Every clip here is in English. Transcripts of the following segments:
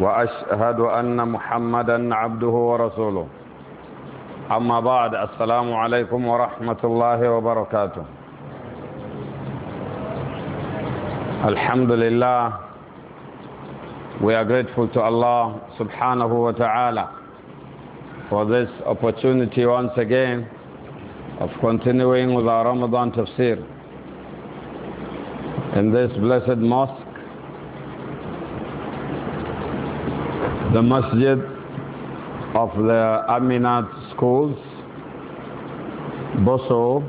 وأشهد أن محمدا عبده ورسوله أما بعد السلام عليكم ورحمة الله وبركاته الحمد لله we are grateful to Allah subhanahu wa ta'ala for this opportunity once again of continuing with our Ramadan tafsir in this blessed mosque the masjid of the Aminat schools, Boso,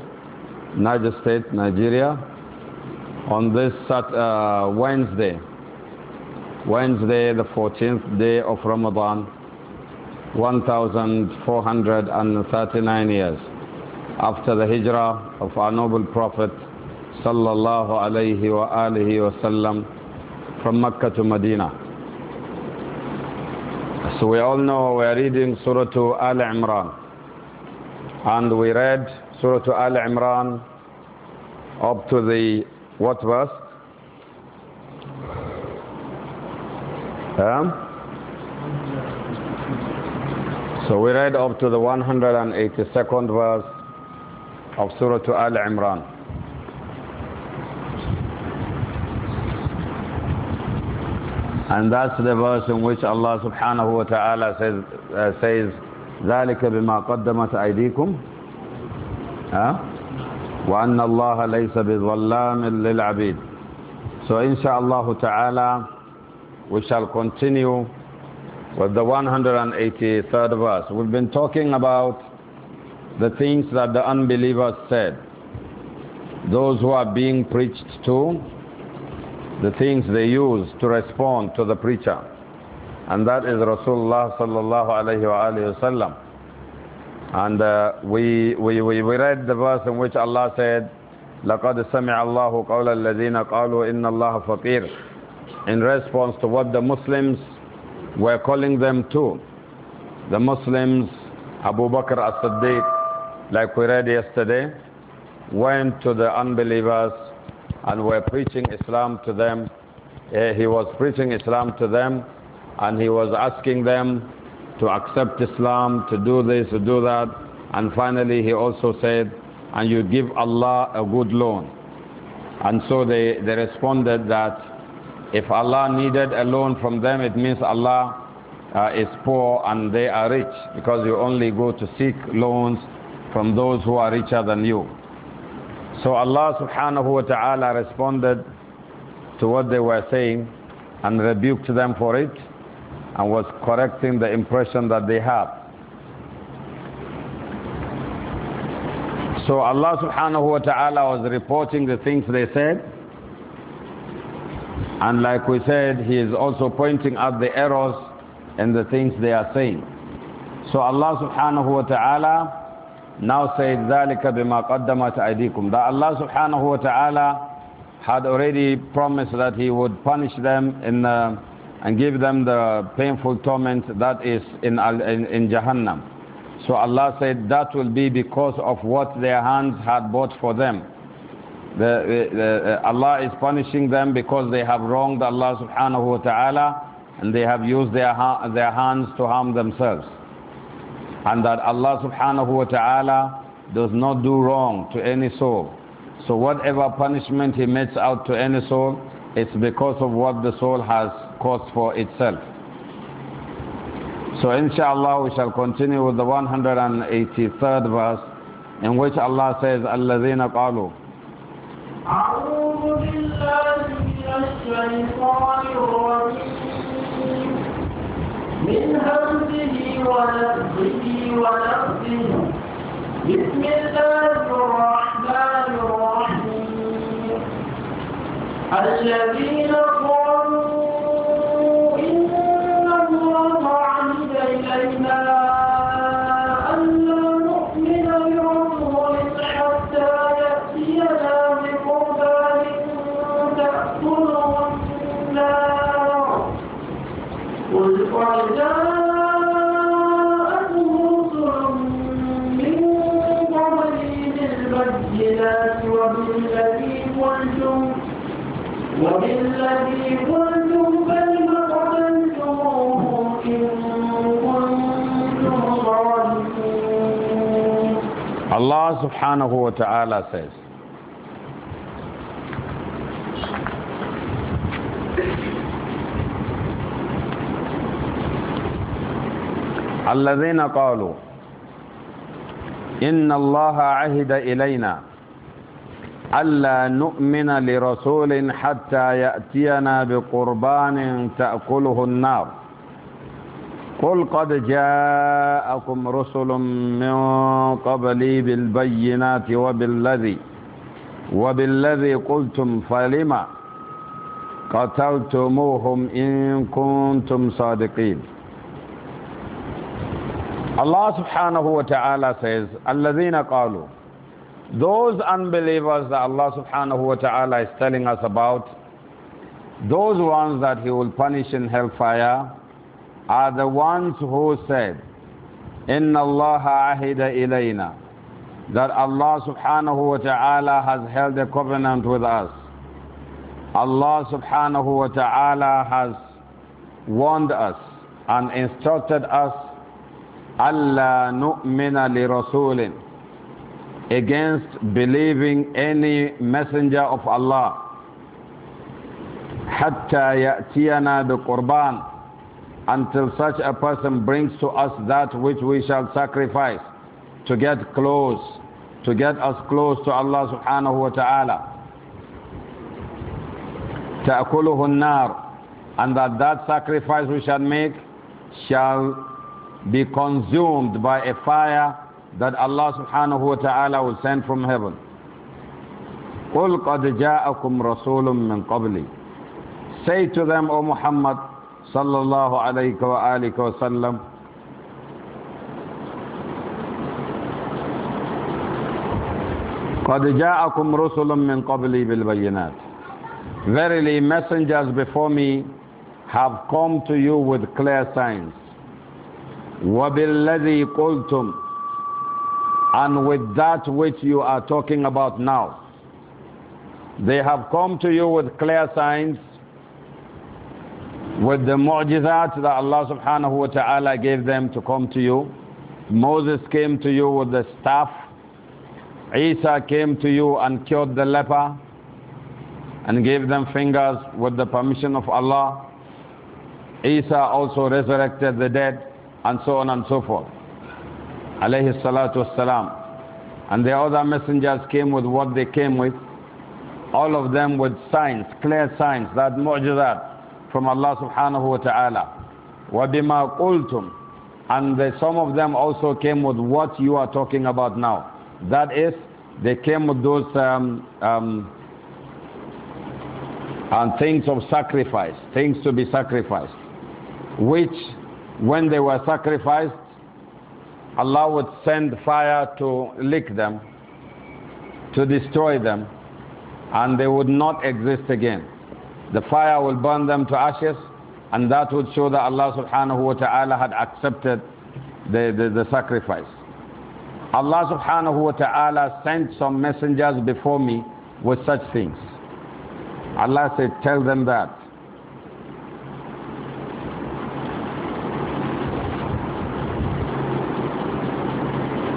Niger State, Nigeria, on this uh, Wednesday, Wednesday the 14th day of Ramadan, 1439 years after the hijrah of our noble Prophet sallallahu alaihi wasallam from Mecca to Medina. So we all know we are reading Surah Al Imran. And we read Surah Al Imran up to the what verse? So we read up to the 182nd verse of Surah Al Imran. And that's the verse in which Allah subhanahu wa ta'ala says, uh, ذلك بما قدمت أيديكم وأن الله ليس بظلام للعبيد So inshallah ta'ala we shall continue with the 183rd verse. We've been talking about the things that the unbelievers said, those who are being preached to, the things they use to respond to the preacher. And that is Rasulullah sallallahu alayhi wa sallam. And uh, we, we, we, we read the verse in which Allah said, لَقَدْ سَمِعَ اللَّهُ قَوْلَ الَّذِينَ قَالُوا إِنَّ اللَّهَ فَقِيرٌ In response to what the Muslims were calling them to. The Muslims, Abu Bakr as-Siddiq, like we read yesterday, went to the unbelievers and were preaching Islam to them. Uh, he was preaching Islam to them and he was asking them to accept Islam, to do this, to do that. And finally, he also said, and you give Allah a good loan. And so they, they responded that if Allah needed a loan from them, it means Allah uh, is poor and they are rich because you only go to seek loans from those who are richer than you. So Allah subhanahu wa ta'ala responded to what they were saying and rebuked them for it and was correcting the impression that they had. So Allah subhanahu wa ta'ala was reporting the things they said. And like we said, He is also pointing out the errors in the things they are saying. So Allah subhanahu wa ta'ala now said, ذَلِكَ بِمَا قَدَّمَتْ أَيْدِيكُمْ That Allah subhanahu wa ta'ala had already promised that He would punish them in, uh, and give them the painful torment that is in, in, in Jahannam. So Allah said that will be because of what their hands had bought for them. The, the, uh, Allah is punishing them because they have wronged Allah subhanahu wa ta'ala and they have used their, their hands to harm themselves and that Allah subhanahu wa ta'ala does not do wrong to any soul. So whatever punishment he metes out to any soul, it's because of what the soul has caused for itself. So inshallah we shall continue with the 183rd verse in which Allah says, "Allah قَالُوا أعوذ بالله من الشيطان الرجيم من همزه ونفسه ونفسه بسم الله الرحمن الرحيم الذين الله سبحانه وتعالى says, الذين قالوا إن الله عهد إلينا ألا نؤمن لرسول حتى يأتينا بقربان تأكله النار قل قد جاءكم رسل من قبلي بالبينات وبالذي وبالذي قلتم فلما قتلتموهم إن كنتم صادقين Allah subhanahu wa ta'ala says, الذين قالوا Those unbelievers that Allah subhanahu wa ta'ala is telling us about, those ones that He will punish in hellfire, are the ones who said, "Inna Allah عَهِدَ إِلَيْنَا That Allah subhanahu wa ta'ala has held a covenant with us. Allah subhanahu wa ta'ala has warned us and instructed us أَلَّا li rasulin," Against believing any messenger of Allah حَتَّى يَأْتِيَنَا بِقُرْبَانٍ until such a person brings to us that which we shall sacrifice to get close, to get us close to Allah subhanahu wa ta'ala. تأكله النار and that that sacrifice we shall make shall be consumed by a fire that Allah subhanahu wa ta'ala will send from heaven. قُلْ قَدْ جَاءَكُمْ رَسُولٌ مِّن Say to them, O Muhammad, sallallahu alayhi wa alihi wa sallam قد جاءكم رسل من قبلي بالبينات Verily messengers before me have come to you with clear signs وبالذي قلتم and with that which you are talking about now they have come to you with clear signs with the mu'jizat that Allah subhanahu wa ta'ala gave them to come to you. Moses came to you with the staff. Isa came to you and cured the leper and gave them fingers with the permission of Allah. Isa also resurrected the dead and so on and so forth. Alayhi salatu wassalam. And the other messengers came with what they came with. All of them with signs, clear signs, that mu'jizat from Allah subhanahu wa ta'ala. وَبِمَا قُلْتُمْ And the, some of them also came with what you are talking about now. That is, they came with those um, um, and things of sacrifice, things to be sacrificed, which when they were sacrificed, Allah would send fire to lick them, to destroy them, and they would not exist again the fire will burn them to ashes, and that would show that Allah subhanahu wa ta'ala had accepted the, the, the sacrifice. Allah subhanahu wa ta'ala sent some messengers before me with such things. Allah said, Tell them that.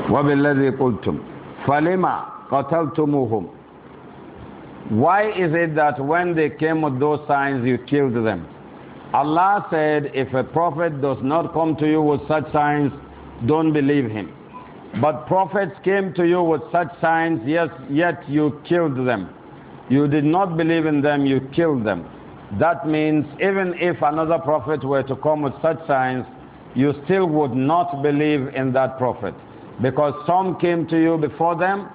وبالذي قلتم فلما why is it that when they came with those signs, you killed them? Allah said, if a prophet does not come to you with such signs, don't believe him. But prophets came to you with such signs, yes, yet you killed them. You did not believe in them, you killed them. That means even if another prophet were to come with such signs, you still would not believe in that prophet. Because some came to you before them,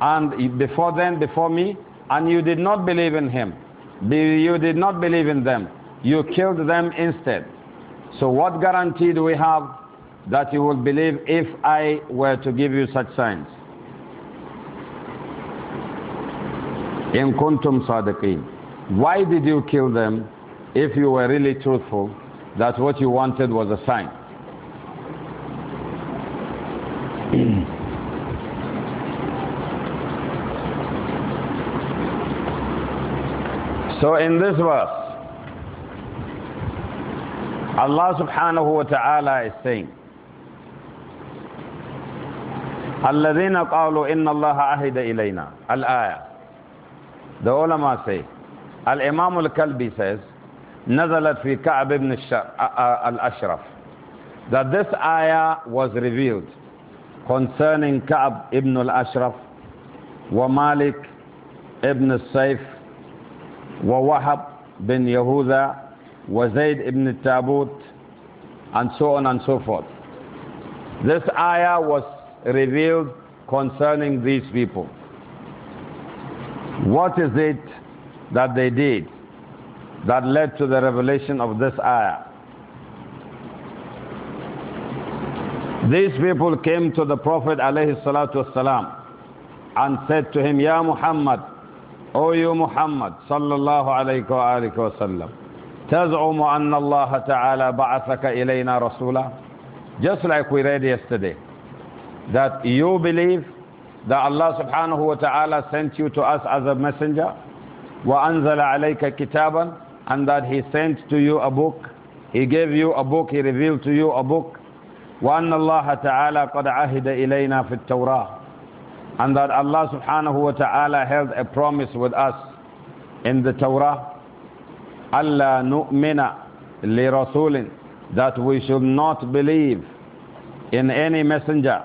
and before them, before me, and you did not believe in him. You did not believe in them. You killed them instead. So what guarantee do we have that you will believe if I were to give you such signs? In kuntum sadiqeen. Why did you kill them if you were really truthful that what you wanted was a sign? So in this verse, Allah subhanahu wa ta'ala is saying, الذين قالوا إن الله عهد إلينا الآية The ulama say, Al-Imam al-Kalbi says, نزلت في كعب بن الأشرف That this ayah was revealed concerning Ka'b ibn al-Ashraf wa Malik ibn al-Sayf ووهب بن يهوذا وزيد ibn التابوت and so on and so forth. This ayah was revealed concerning these people. What is it that they did that led to the revelation of this ayah? These people came to the Prophet alayhi salatu and said to him, Ya Muhammad, O you Muhammad صلى الله عليه وسلم تزعم أن الله تعالى بعثك إلينا رسولا Just like we read yesterday, that you believe that Allah subhanahu wa ta'ala sent you to us as a messenger, وأنزل عليك كتابا, and that He sent to you a book, He gave you a book, He revealed to you a book, وأن الله تعالى قد عهد إلينا في التوراة and that Allah subhanahu wa ta'ala held a promise with us in the Torah, Allah nu'mina li rasulin, that we should not believe in any messenger,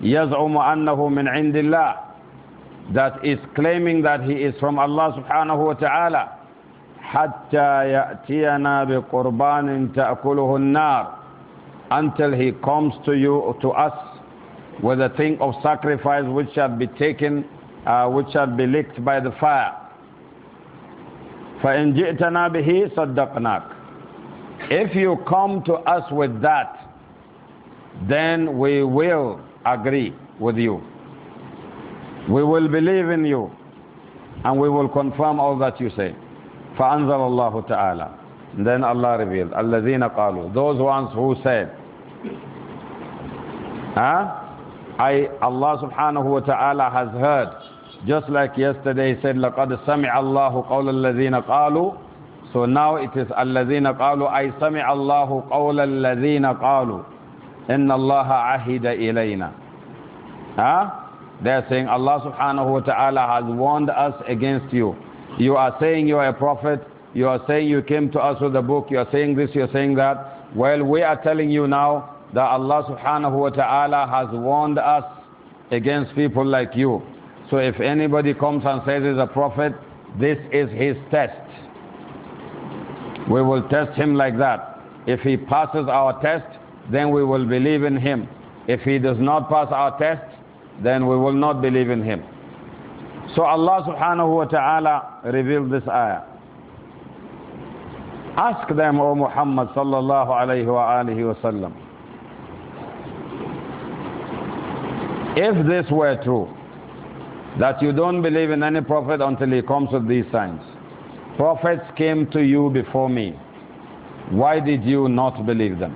yaz'umu annahu min indillah, that is claiming that he is from Allah subhanahu wa ta'ala, حتى يأتينا بقربان تأكله النار until he comes to you to us with a thing of sacrifice which shall be taken, uh, which shall be licked by the fire. فَإِنْ جِئْتَنَا بِهِ صَدَّقْنَاكَ If you come to us with that, then we will agree with you. We will believe in you, and we will confirm all that you say. فَأَنزَلَ اللَّهُ تَعَالَى Then Allah revealed, الَّذِينَ قَالُوا Those ones who said, huh? I, Allah subhanahu wa ta'ala has heard. Just like yesterday he said, لَقَدْ سَمِعَ اللَّهُ قَوْلَ الَّذِينَ قَالُوا So now it is الَّذِينَ قَالُوا أي سَمِعَ اللَّهُ قَوْلَ الَّذِينَ قَالُوا إِنَّ اللَّهَ عَهِدَ إِلَيْنَا huh? They're saying Allah subhanahu wa ta'ala has warned us against you. You are saying you are a prophet. You are saying you came to us with a book. You are saying this, you are saying that. Well, we are telling you now that Allah subhanahu wa ta'ala has warned us against people like you. So if anybody comes and says he's a prophet, this is his test. We will test him like that. If he passes our test, then we will believe in him. If he does not pass our test, then we will not believe in him. So Allah subhanahu wa ta'ala revealed this ayah. Ask them, O Muhammad sallallahu alayhi wa alihi wa sallam, If this were true, that you don't believe in any prophet until he comes with these signs, prophets came to you before me. Why did you not believe them?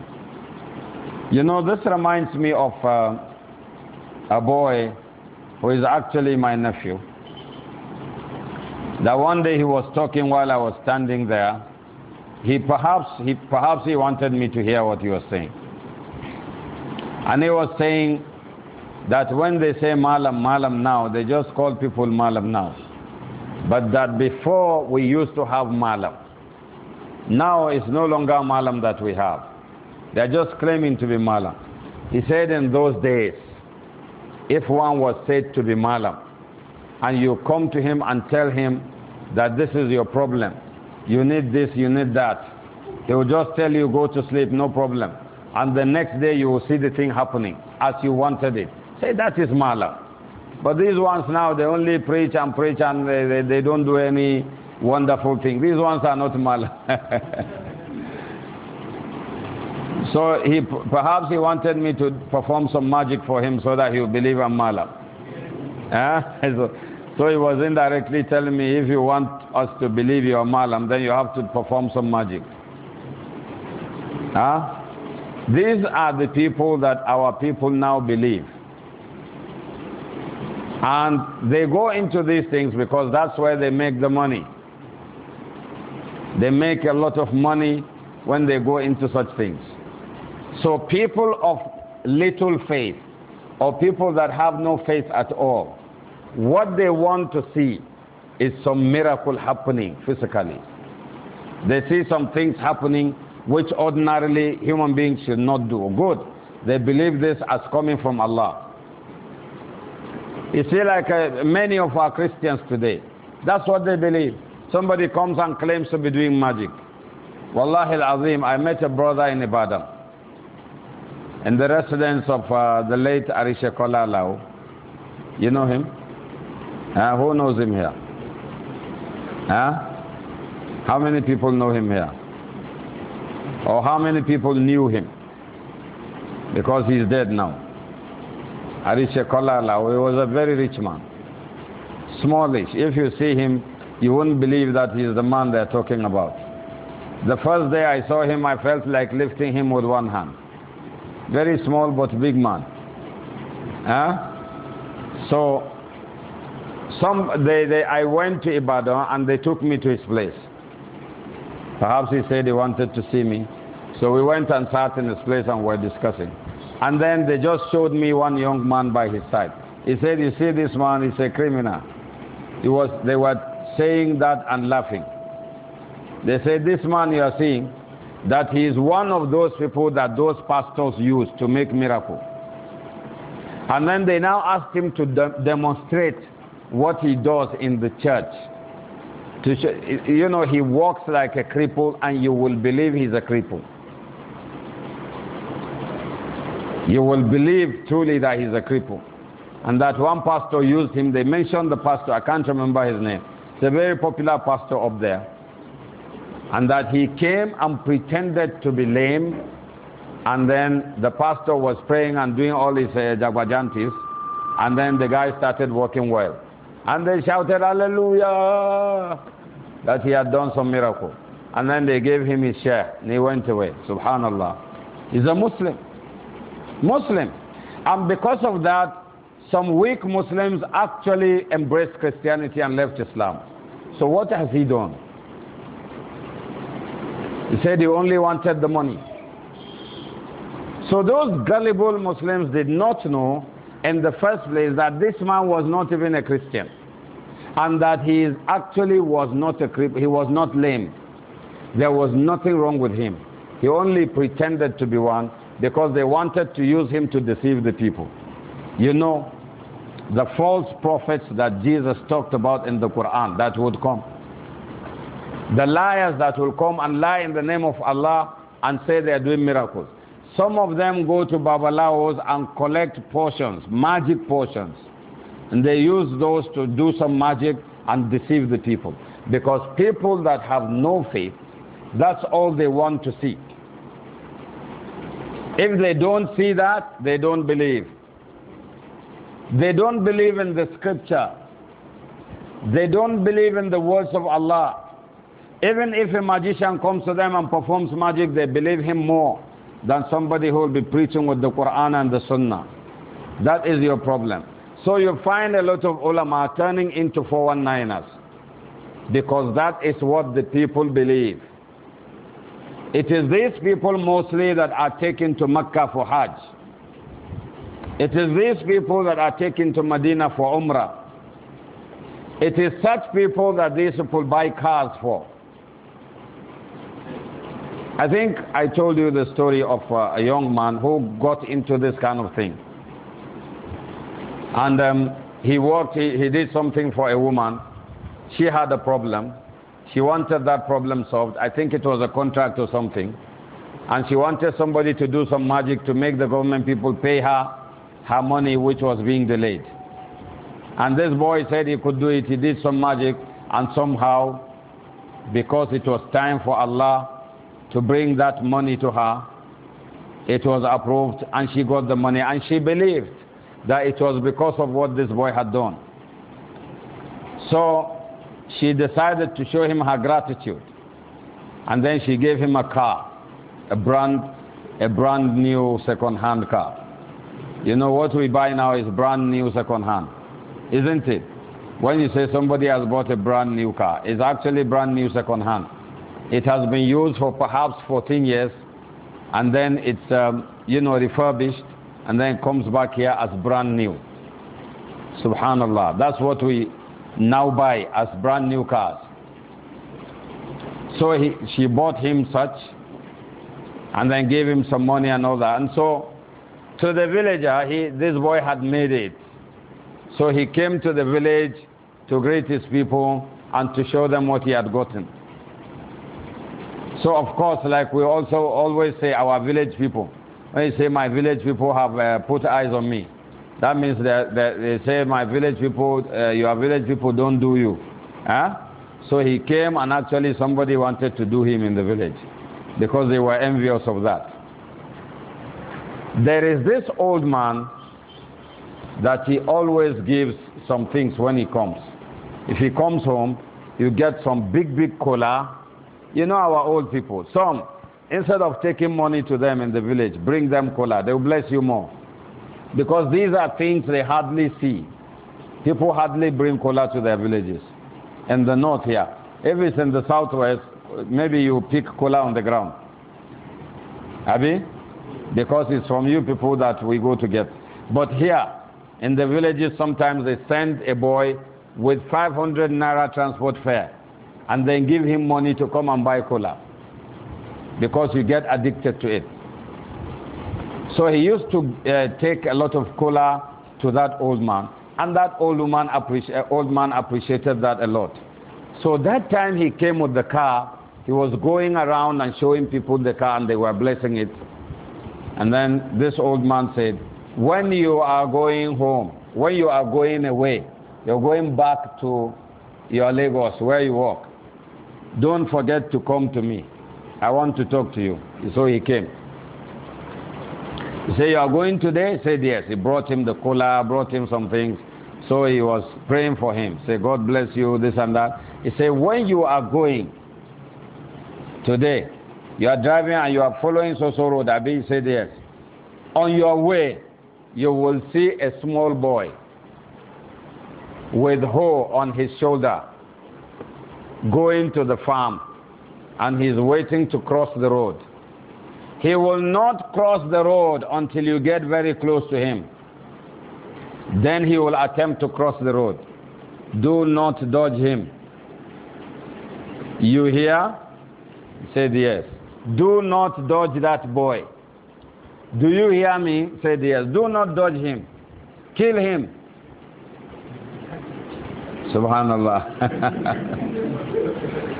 You know, this reminds me of uh, a boy who is actually my nephew. That one day he was talking while I was standing there. He perhaps he perhaps he wanted me to hear what he was saying. And he was saying that when they say malam, malam now, they just call people malam now. But that before we used to have malam. Now it's no longer malam that we have. They're just claiming to be malam. He said in those days, if one was said to be malam, and you come to him and tell him that this is your problem, you need this, you need that, he will just tell you, go to sleep, no problem. And the next day you will see the thing happening as you wanted it. Say that is mala. But these ones now, they only preach and preach and they, they, they don't do any wonderful thing. These ones are not mala. So he perhaps he wanted me to perform some magic for him so that he would believe I'm Mala. Eh? So, so, he was indirectly telling me if you want us to believe you're Malam, then you have to perform some magic. Huh? These are the people that our people now believe. And they go into these things because that's where they make the money. They make a lot of money when they go into such things. So people of little faith or people that have no faith at all, what they want to see is some miracle happening physically. They see some things happening which ordinarily human beings should not do. Good. They believe this as coming from Allah. You see, like uh, many of our Christians today, that's what they believe. Somebody comes and claims to be doing magic. Wallahi al-Azim, I met a brother in Ibadan, in the residence of uh, the late Arisha Kola You know him? Uh, who knows him here? Huh? How many people know him here? Or how many people knew him? Because he's dead now. Arichakolala, he was a very rich man. Smallish. If you see him, you wouldn't believe that he is the man they're talking about. The first day I saw him, I felt like lifting him with one hand. Very small but big man. Huh? So, some, they, they, I went to Ibadan and they took me to his place. Perhaps he said he wanted to see me. So we went and sat in his place and were discussing. And then they just showed me one young man by his side. He said, You see, this man is a criminal. He was, they were saying that and laughing. They said, This man you are seeing, that he is one of those people that those pastors use to make miracle. And then they now asked him to de demonstrate what he does in the church. To show, you know, he walks like a cripple, and you will believe he's a cripple. You will believe truly that he's a cripple. And that one pastor used him, they mentioned the pastor, I can't remember his name. It's a very popular pastor up there. And that he came and pretended to be lame. And then the pastor was praying and doing all his uh, And then the guy started walking well. And they shouted, Hallelujah! That he had done some miracle. And then they gave him his share and he went away. Subhanallah. He's a Muslim. Muslim. And because of that, some weak Muslims actually embraced Christianity and left Islam. So what has he done? He said he only wanted the money. So those gullible Muslims did not know in the first place that this man was not even a Christian and that he actually was not a he was not lame. There was nothing wrong with him. He only pretended to be one because they wanted to use him to deceive the people. You know, the false prophets that Jesus talked about in the Quran that would come. The liars that will come and lie in the name of Allah and say they are doing miracles. Some of them go to Babalawos and collect potions, magic potions. And they use those to do some magic and deceive the people. Because people that have no faith, that's all they want to see. If they don't see that, they don't believe. They don't believe in the scripture. They don't believe in the words of Allah. Even if a magician comes to them and performs magic, they believe him more than somebody who will be preaching with the Quran and the Sunnah. That is your problem. So you find a lot of ulama turning into 419ers because that is what the people believe. It is these people mostly that are taken to Mecca for Hajj. It is these people that are taken to Medina for Umrah. It is such people that these people buy cars for. I think I told you the story of uh, a young man who got into this kind of thing. And um, he worked, he, he did something for a woman. She had a problem. She wanted that problem solved. I think it was a contract or something. And she wanted somebody to do some magic to make the government people pay her her money, which was being delayed. And this boy said he could do it. He did some magic, and somehow, because it was time for Allah to bring that money to her, it was approved, and she got the money. And she believed that it was because of what this boy had done. So she decided to show him her gratitude. And then she gave him a car, a brand, a brand new second-hand car. You know, what we buy now is brand new second-hand, isn't it? When you say somebody has bought a brand new car, it's actually brand new second-hand. It has been used for perhaps 14 years, and then it's, um, you know, refurbished, and then comes back here as brand new. Subhanallah. That's what we now buy as brand new cars. So he, she bought him such and then gave him some money and all that. And so to the villager, he, this boy had made it. So he came to the village to greet his people and to show them what he had gotten. So, of course, like we also always say, our village people, when you say, my village people have uh, put eyes on me, that means that, that they say, My village people, uh, your village people don't do you. Huh? So he came, and actually, somebody wanted to do him in the village because they were envious of that. There is this old man that he always gives some things when he comes. If he comes home, you get some big, big cola. You know our old people. Some, instead of taking money to them in the village, bring them cola. They will bless you more. Because these are things they hardly see. People hardly bring cola to their villages. In the north here. If it's in the southwest, maybe you pick cola on the ground. Abi? Because it's from you people that we go to get. But here, in the villages, sometimes they send a boy with 500 naira transport fare and then give him money to come and buy cola because you get addicted to it. So he used to uh, take a lot of cola to that old man. And that old man, uh, old man appreciated that a lot. So that time he came with the car, he was going around and showing people the car and they were blessing it. And then this old man said, When you are going home, when you are going away, you're going back to your Lagos where you work, don't forget to come to me. I want to talk to you. So he came. He say, You are going today? He said, Yes. He brought him the cola, brought him some things. So he was praying for him. Say, God bless you, this and that. He said, When you are going today, you are driving and you are following Soso Road. Abi said, Yes. On your way, you will see a small boy with hoe on his shoulder going to the farm and he's waiting to cross the road. He will not cross the road until you get very close to him. Then he will attempt to cross the road. Do not dodge him. You hear? Said yes. Do not dodge that boy. Do you hear me? Said yes. Do not dodge him. Kill him. Subhanallah.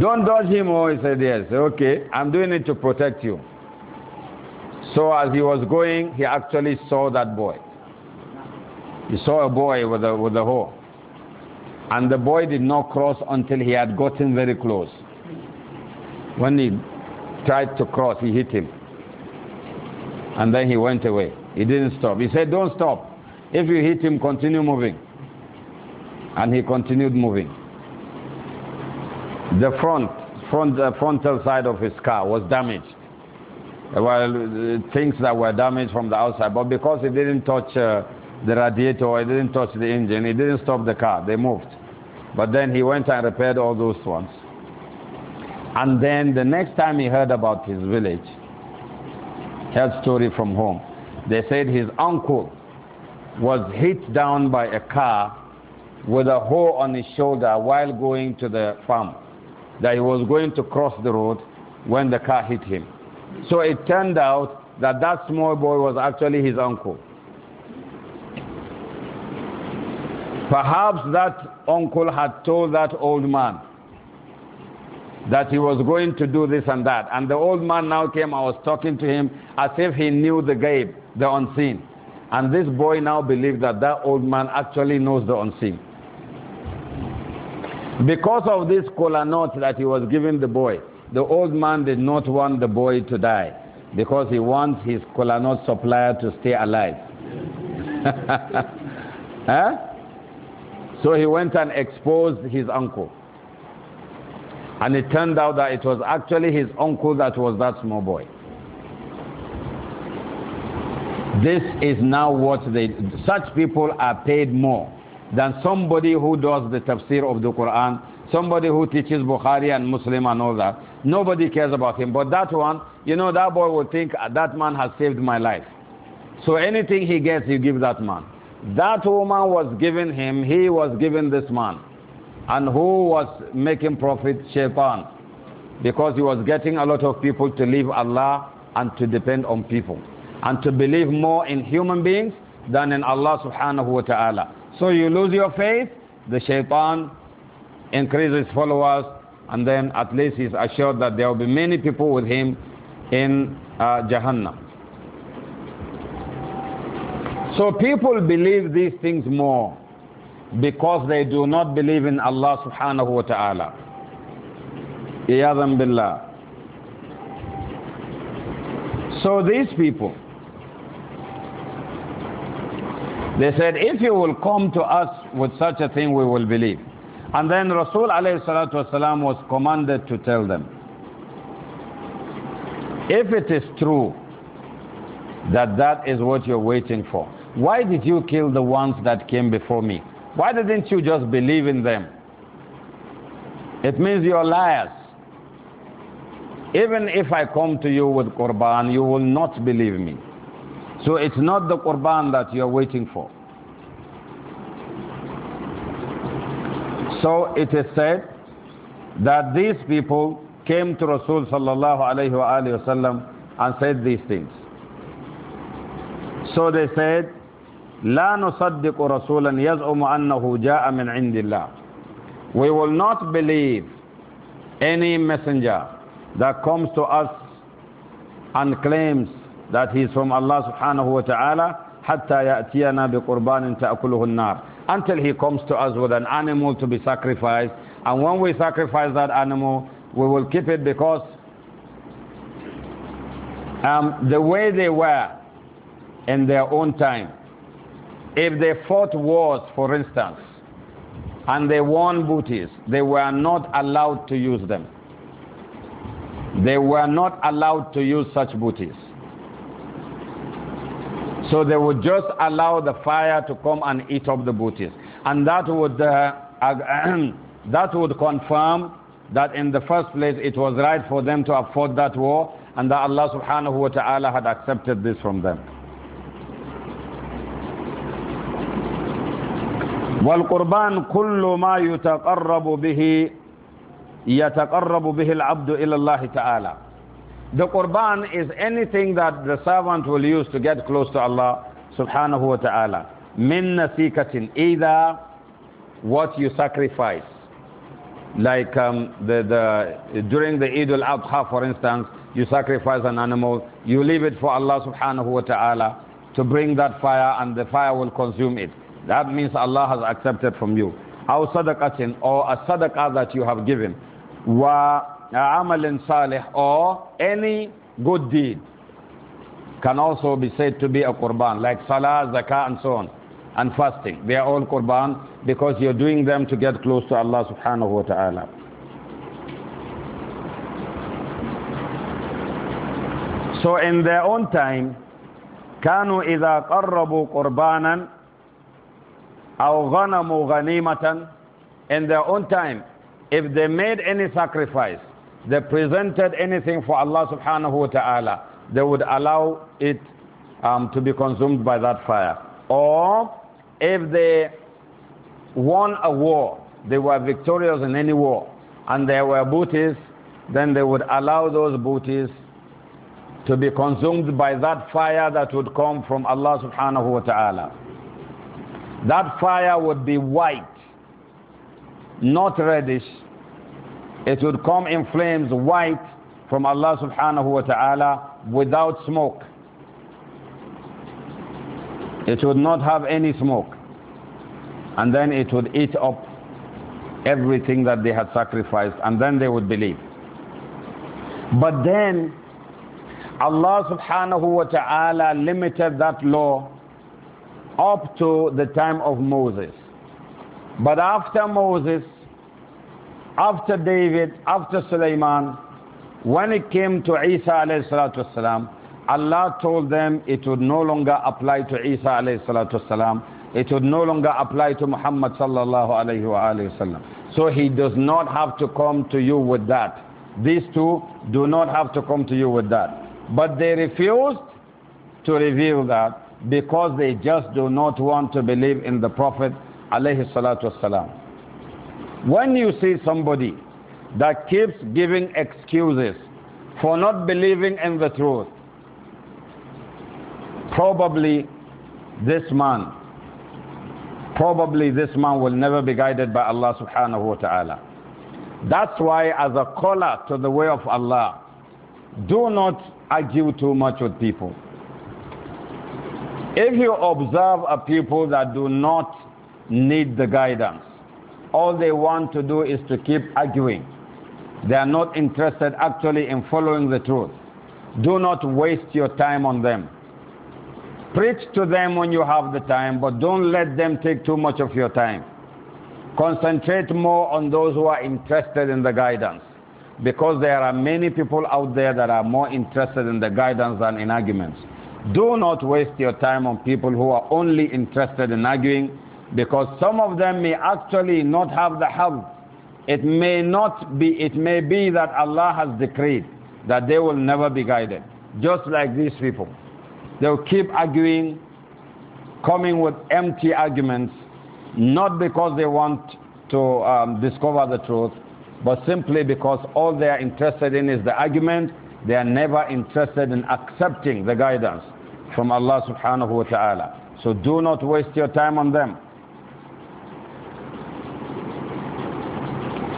Don't dodge him. Oh, he said, Yes. Okay, I'm doing it to protect you. So as he was going, he actually saw that boy. He saw a boy with a, with a hoe. And the boy did not cross until he had gotten very close. When he tried to cross, he hit him. And then he went away. He didn't stop. He said, Don't stop. If you hit him, continue moving. And he continued moving. The front, front, the frontal side of his car was damaged. Well, things that were damaged from the outside, but because it didn't touch uh, the radiator, it didn't touch the engine, it didn't stop the car. They moved. But then he went and repaired all those ones. And then the next time he heard about his village, heard story from home. They said his uncle was hit down by a car with a hole on his shoulder while going to the farm that he was going to cross the road when the car hit him. So it turned out that that small boy was actually his uncle. Perhaps that uncle had told that old man that he was going to do this and that. And the old man now came, I was talking to him as if he knew the game, the unseen. And this boy now believed that that old man actually knows the unseen. Because of this cola note that he was giving the boy, the old man did not want the boy to die because he wants his cola note supplier to stay alive. huh? So he went and exposed his uncle. And it turned out that it was actually his uncle that was that small boy. This is now what they, such people are paid more than somebody who does the tafsir of the Quran, somebody who teaches Bukhari and Muslim and all that. Nobody cares about him. But that one, you know, that boy will think, ah, that man has saved my life. So anything he gets, you give that man. That woman was given him, he was given this man. And who was making profit? Shaitan. Because he was getting a lot of people to leave Allah and to depend on people. And to believe more in human beings than in Allah subhanahu wa ta'ala. So you lose your faith, the shaitan increases followers, and then at least he's assured that there will be many people with him in uh, Jahannam. So people believe these things more because they do not believe in Allah subhanahu wa ta'ala. Iyadam billah. So these people, They said, if you will come to us with such a thing, we will believe. And then Rasul was commanded to tell them, if it is true that that is what you're waiting for, why did you kill the ones that came before me? Why didn't you just believe in them? It means you're liars. Even if I come to you with Qurban, you will not believe me. So it's not the Qurban that you are waiting for. So it is said that these people came to Rasul sallallahu alayhi wa and said these things. So they said, لا نصدق رسولا يزعم أنه جاء من عند الله. We will not believe any messenger that comes to us and claims that he is from Allah subhanahu wa ta'ala bi يَأْتِيَنَا بِقُرْبَانٍ تَأْكُلُهُ nar Until he comes to us with an animal to be sacrificed. And when we sacrifice that animal, we will keep it because um, the way they were in their own time, if they fought wars, for instance, and they won booties, they were not allowed to use them. They were not allowed to use such booties. So they would just allow the fire to come and eat up the booty. And that would, uh, that would confirm that in the first place it was right for them to afford that war and that Allah subhanahu wa ta'ala had accepted this from them. والقربان كل ما يتقرب به يتقرب به العبد إلى الله تعالى the qurban is anything that the servant will use to get close to Allah subhanahu wa ta'ala. Min nasikatin, either what you sacrifice. Like um, the, the, during the Eid al-Adha, for instance, you sacrifice an animal, you leave it for Allah subhanahu wa ta'ala to bring that fire and the fire will consume it. That means Allah has accepted from you. Our sadaqatin or a sadaqah that you have given. Wa amalin salih or any good deed can also be said to be a qurban, like salah, zakah, and so on, and fasting. They are all qurban because you're doing them to get close to Allah subhanahu wa ta'ala. So in their own time, كانوا إذا قربوا قربانا أو غنموا غنيمة in their own time, if they made any sacrifice, they presented anything for Allah subhanahu wa ta'ala, they would allow it um, to be consumed by that fire. Or if they won a war, they were victorious in any war, and there were booties, then they would allow those booties to be consumed by that fire that would come from Allah subhanahu wa ta'ala. That fire would be white, not reddish, it would come in flames white from Allah subhanahu wa ta'ala without smoke. It would not have any smoke. And then it would eat up everything that they had sacrificed, and then they would believe. But then Allah subhanahu wa ta'ala limited that law up to the time of Moses. But after Moses, after David, after Sulaiman, when it came to Isa والسلام, Allah told them it would no longer apply to Isa والسلام, it would no longer apply to Muhammad sallallahu So he does not have to come to you with that. These two do not have to come to you with that. But they refused to reveal that because they just do not want to believe in the Prophet alayhi salatu wasalam. When you see somebody that keeps giving excuses for not believing in the truth, probably this man, probably this man will never be guided by Allah subhanahu wa ta'ala. That's why, as a caller to the way of Allah, do not argue too much with people. If you observe a people that do not need the guidance, all they want to do is to keep arguing. They are not interested actually in following the truth. Do not waste your time on them. Preach to them when you have the time, but don't let them take too much of your time. Concentrate more on those who are interested in the guidance, because there are many people out there that are more interested in the guidance than in arguments. Do not waste your time on people who are only interested in arguing because some of them may actually not have the help. It may not be, it may be that Allah has decreed that they will never be guided. Just like these people. They'll keep arguing, coming with empty arguments, not because they want to um, discover the truth, but simply because all they are interested in is the argument. They are never interested in accepting the guidance from Allah subhanahu wa ta'ala. So do not waste your time on them.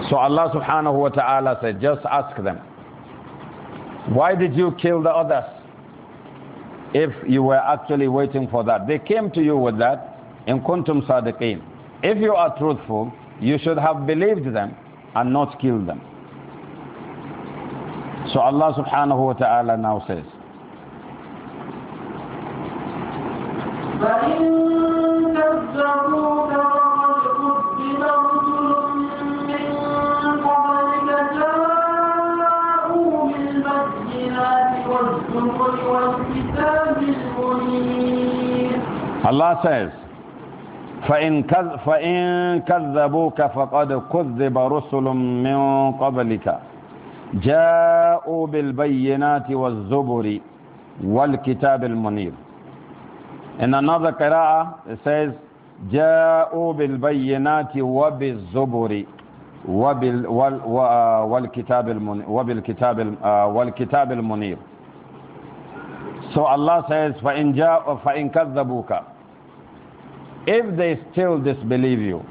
So Allah subhanahu wa ta'ala said, just ask them, why did you kill the others? If you were actually waiting for that. They came to you with that, in kuntum sadiqeen. If you are truthful, you should have believed them and not killed them. So Allah subhanahu wa ta'ala now says, Allah says, فإن كذ... فإن كذبوك فقد كذب رسل من قبلك جاءوا بالبينات والزبر والكتاب المنير. In another qira'ah it says جاءوا بالبينات وبالزبر وبال وال آه، آه، والكتاب المنير وبالكتاب المنير. So Allah says, فَإِنْ جَاءُ فَإِنْ كَذَّبُوكَ If they still disbelieve you,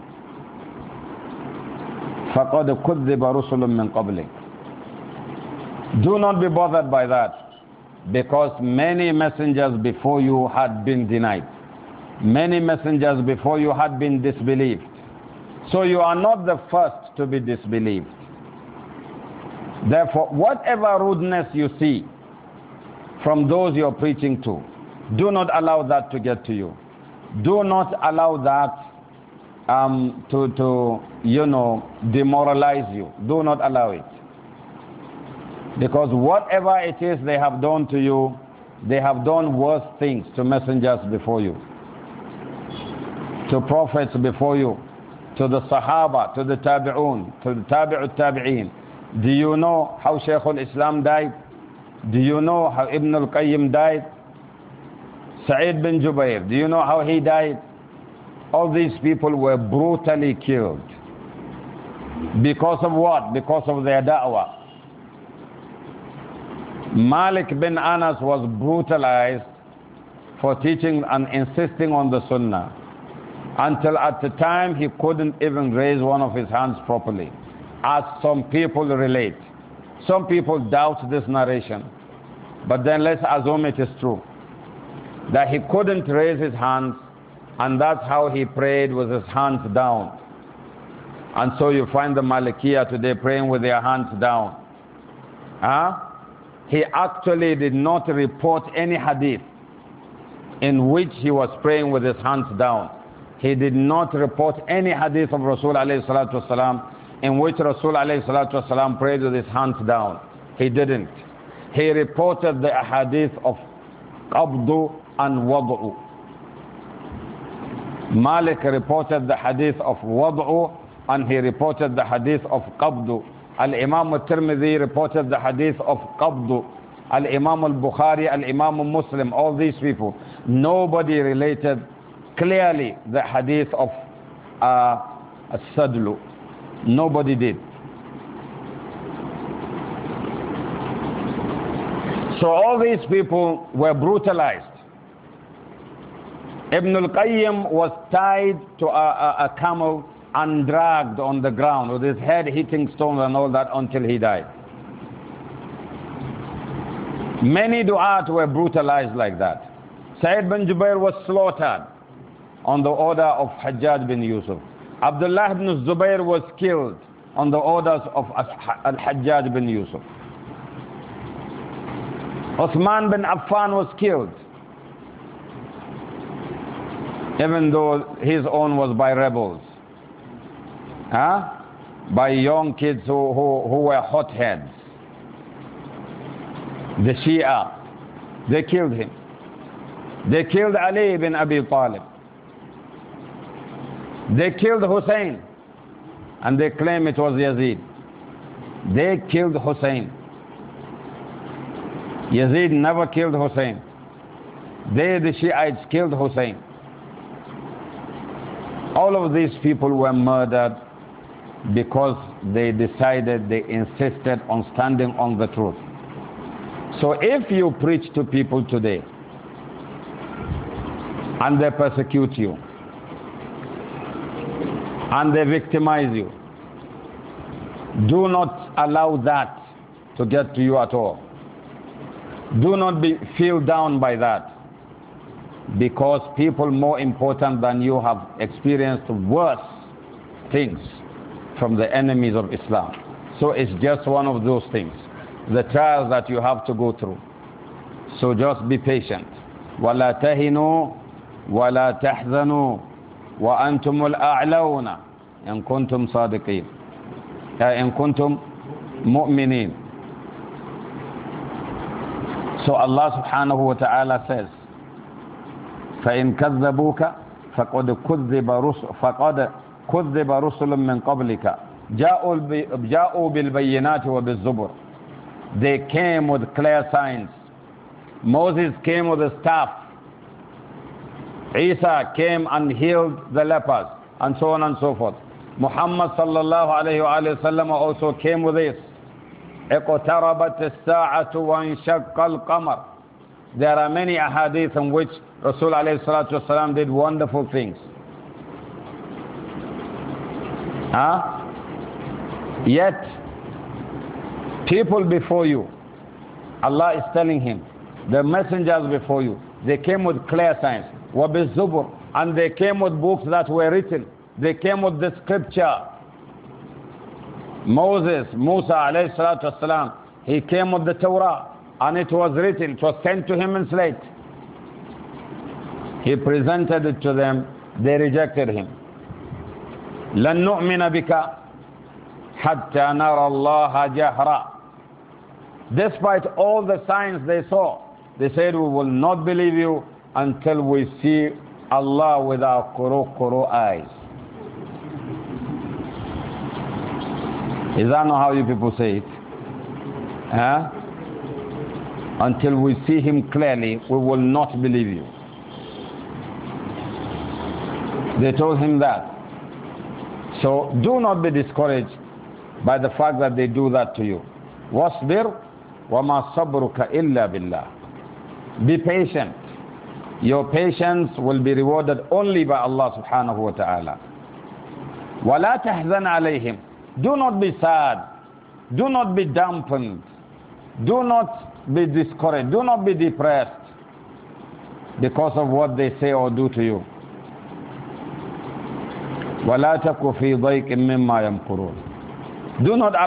فَقَدْ كُذِّبَ رُسُلٌ مِّن قَبْلِكَ Do not be bothered by that, because many messengers before you had been denied. Many messengers before you had been disbelieved. So you are not the first to be disbelieved. Therefore, whatever rudeness you see, from those you're preaching to. Do not allow that to get to you. Do not allow that um, to, to, you know, demoralize you. Do not allow it. Because whatever it is they have done to you, they have done worse things to messengers before you, to prophets before you, to the Sahaba, to the Tabi'un, to the Tabi'ut Tabi'in. Do you know how Shaykh al Islam died? Do you know how Ibn al-Qayyim died? Sa'id bin Jubair, do you know how he died? All these people were brutally killed. Because of what? Because of their da'wah. Malik bin Anas was brutalized for teaching and insisting on the sunnah. Until at the time he couldn't even raise one of his hands properly, as some people relate. Some people doubt this narration. But then let's assume it is true that he couldn't raise his hands, and that's how he prayed with his hands down. And so you find the Malikiya today praying with their hands down. Huh? He actually did not report any hadith in which he was praying with his hands down. He did not report any hadith of Rasul والسلام, in which Rasul والسلام, prayed with his hands down. He didn't he reported the hadith of qabdu and wad'u. Malik reported the hadith of wad'u and he reported the hadith of qabdu. Al-Imam al-Tirmidhi reported the hadith of qabdu. Al-Imam al-Bukhari, Al-Imam al-Muslim, all these people. Nobody related clearly the hadith of uh, sadlu. Nobody did. So all these people were brutalized. Ibn al-Qayyim was tied to a, a, a camel and dragged on the ground with his head hitting stones and all that until he died. Many du'at were brutalized like that. Sayyid bin Jubair was slaughtered on the order of Hajjaj bin Yusuf. Abdullah bin Zubair was killed on the orders of Al-Hajjaj bin Yusuf. Osman bin Affan was killed. Even though his own was by rebels. Huh? By young kids who, who, who were hotheads. The Shia. They killed him. They killed Ali bin Abi Talib. They killed Hussein. And they claim it was Yazid. They killed Hussein. Yazid never killed Hussein. They, the Shiites, killed Hussein. All of these people were murdered because they decided, they insisted on standing on the truth. So if you preach to people today and they persecute you and they victimize you, do not allow that to get to you at all. Do not be feel down by that because people more important than you have experienced worse things from the enemies of Islam. So it's just one of those things, the trials that you have to go through. So just be patient. ولا تهنوا ولا تحزنوا وأنتم الأعلون إن كنتم صادقين إن كنتم مؤمنين so Allah subhanahu wa ta'ala says, فَإِن كَذَّبُوكَ فَقَدْ كُذِّبَ رُسُلٌ فَقَدْ كُذِّبَ رُسُلٌ مِّن قَبْلِكَ جَاءُوا بِالْبَيِّنَاتِ وَبِالزُّبُرِ They came with clear signs. Moses came with a staff. Isa came and healed the lepers, and so on and so forth. Muhammad sallallahu alayhi wa sallam also came with this. اقتربت الساعة وانشق القمر There are many ahadith in which Rasul والسلام, did wonderful things. Huh? Yet, people before you, Allah is telling him, the messengers before you, they came with clear signs. And they came with books that were written. They came with the scripture. Moses, Musa alayhi salatu wasalam, he came with the Torah and it was written, it was sent to him in slate. He presented it to them, they rejected him. لن نؤمن بك حتى نرى الله جهرا Despite all the signs they saw, they said, we will not believe you until we see Allah with our kuru kuru eyes. Is that not how you people say it? Huh? Until we see him clearly, we will not believe you. They told him that. So do not be discouraged by the fact that they do that to you. وَاصْبِرْ وَمَا sabruka illa billah. Be patient. Your patience will be rewarded only by Allah subhanahu wa ta'ala. وَلَا تَحْزَنْ alayhim. Do not be sad. Do not be dampened. Do not be discouraged. Do not be depressed because of what they say or do to you. Do not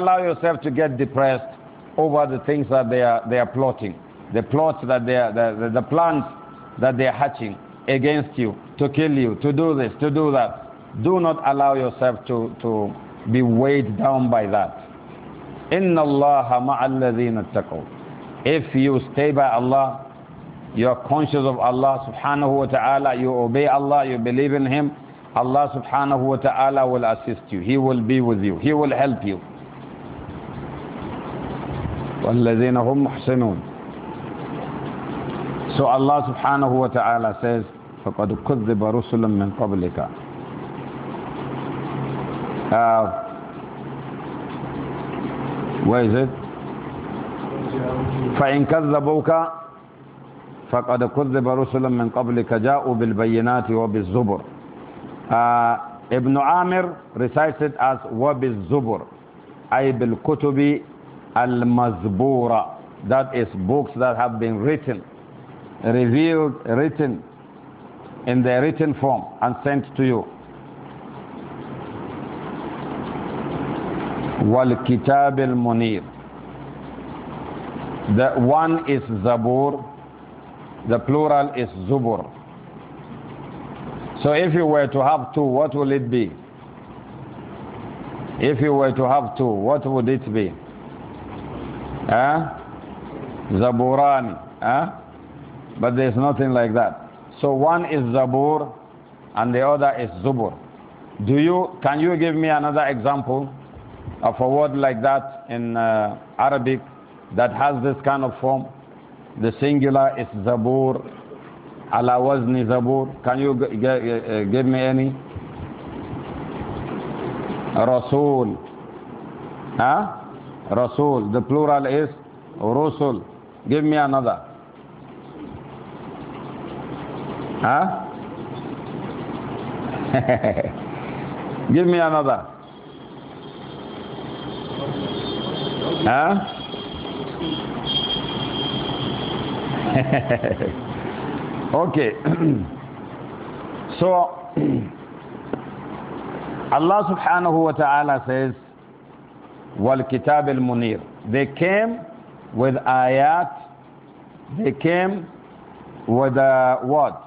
allow yourself to get depressed over the things that they are, they are plotting, the plots that they are, the, the, the plans that they are hatching against you, to kill you, to do this, to do that. Do not allow yourself to, to, be weighed down by that. إِنَّ اللَّهَ مَعَ الَّذِينَ اتَّقَوْا If you stay by Allah, you are conscious of Allah subhanahu wa ta'ala, you obey Allah, you believe in Him, Allah subhanahu wa ta'ala will assist you. He will be with you. He will help you. وَالَّذِينَ هُمْ مُحْسِنُونَ So Allah subhanahu wa ta'ala says, فَقَدْ كُذِّبَ رُسُلًا مِّن قَبْلِكَ uh, where is it فإن كذبوك فقد كذب رسل من قبلك جاءوا بالبينات وبالزبر uh, Ibn Amir recited as وبالزبر أي بالكتب المزبورة that is books that have been written revealed written in the written form and sent to you وَالْكِتَابِ الْمُنِيرِ The one is Zabur, the plural is Zubur. So if you were to have two, what will it be? If you were to have two, what would it be? Huh? Zaburani. Huh? But there's nothing like that. So one is Zabur and the other is Zubur. Do you, can you give me another example? of a word like that in uh, Arabic that has this kind of form. The singular is zabur, ala wazni zabur. Can you uh, uh, give me any? Rasul. Huh? Rasul. The plural is rusul. Give me another. Huh? Give me another. Huh? okay. so Allah subhanahu wa ta'ala says وَالْكِتَابِ الْمُنِيرِ They came with ayat they came with uh, what?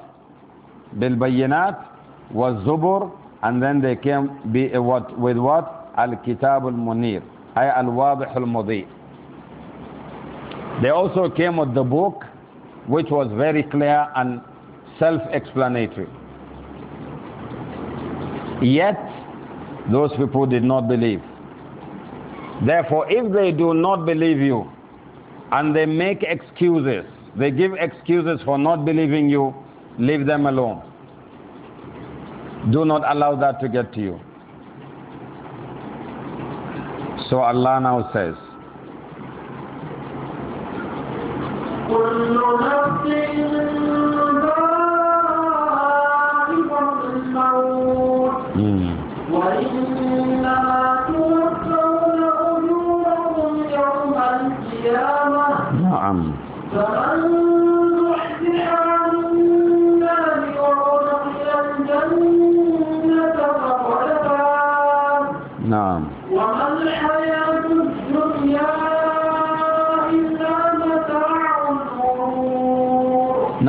was Zubur, and then they came be, uh, what, with what? al Munir. أي al المضيء They also came with the book which was very clear and self-explanatory. Yet, those people did not believe. Therefore, if they do not believe you and they make excuses, they give excuses for not believing you, leave them alone. Do not allow that to get to you. So Allah now says,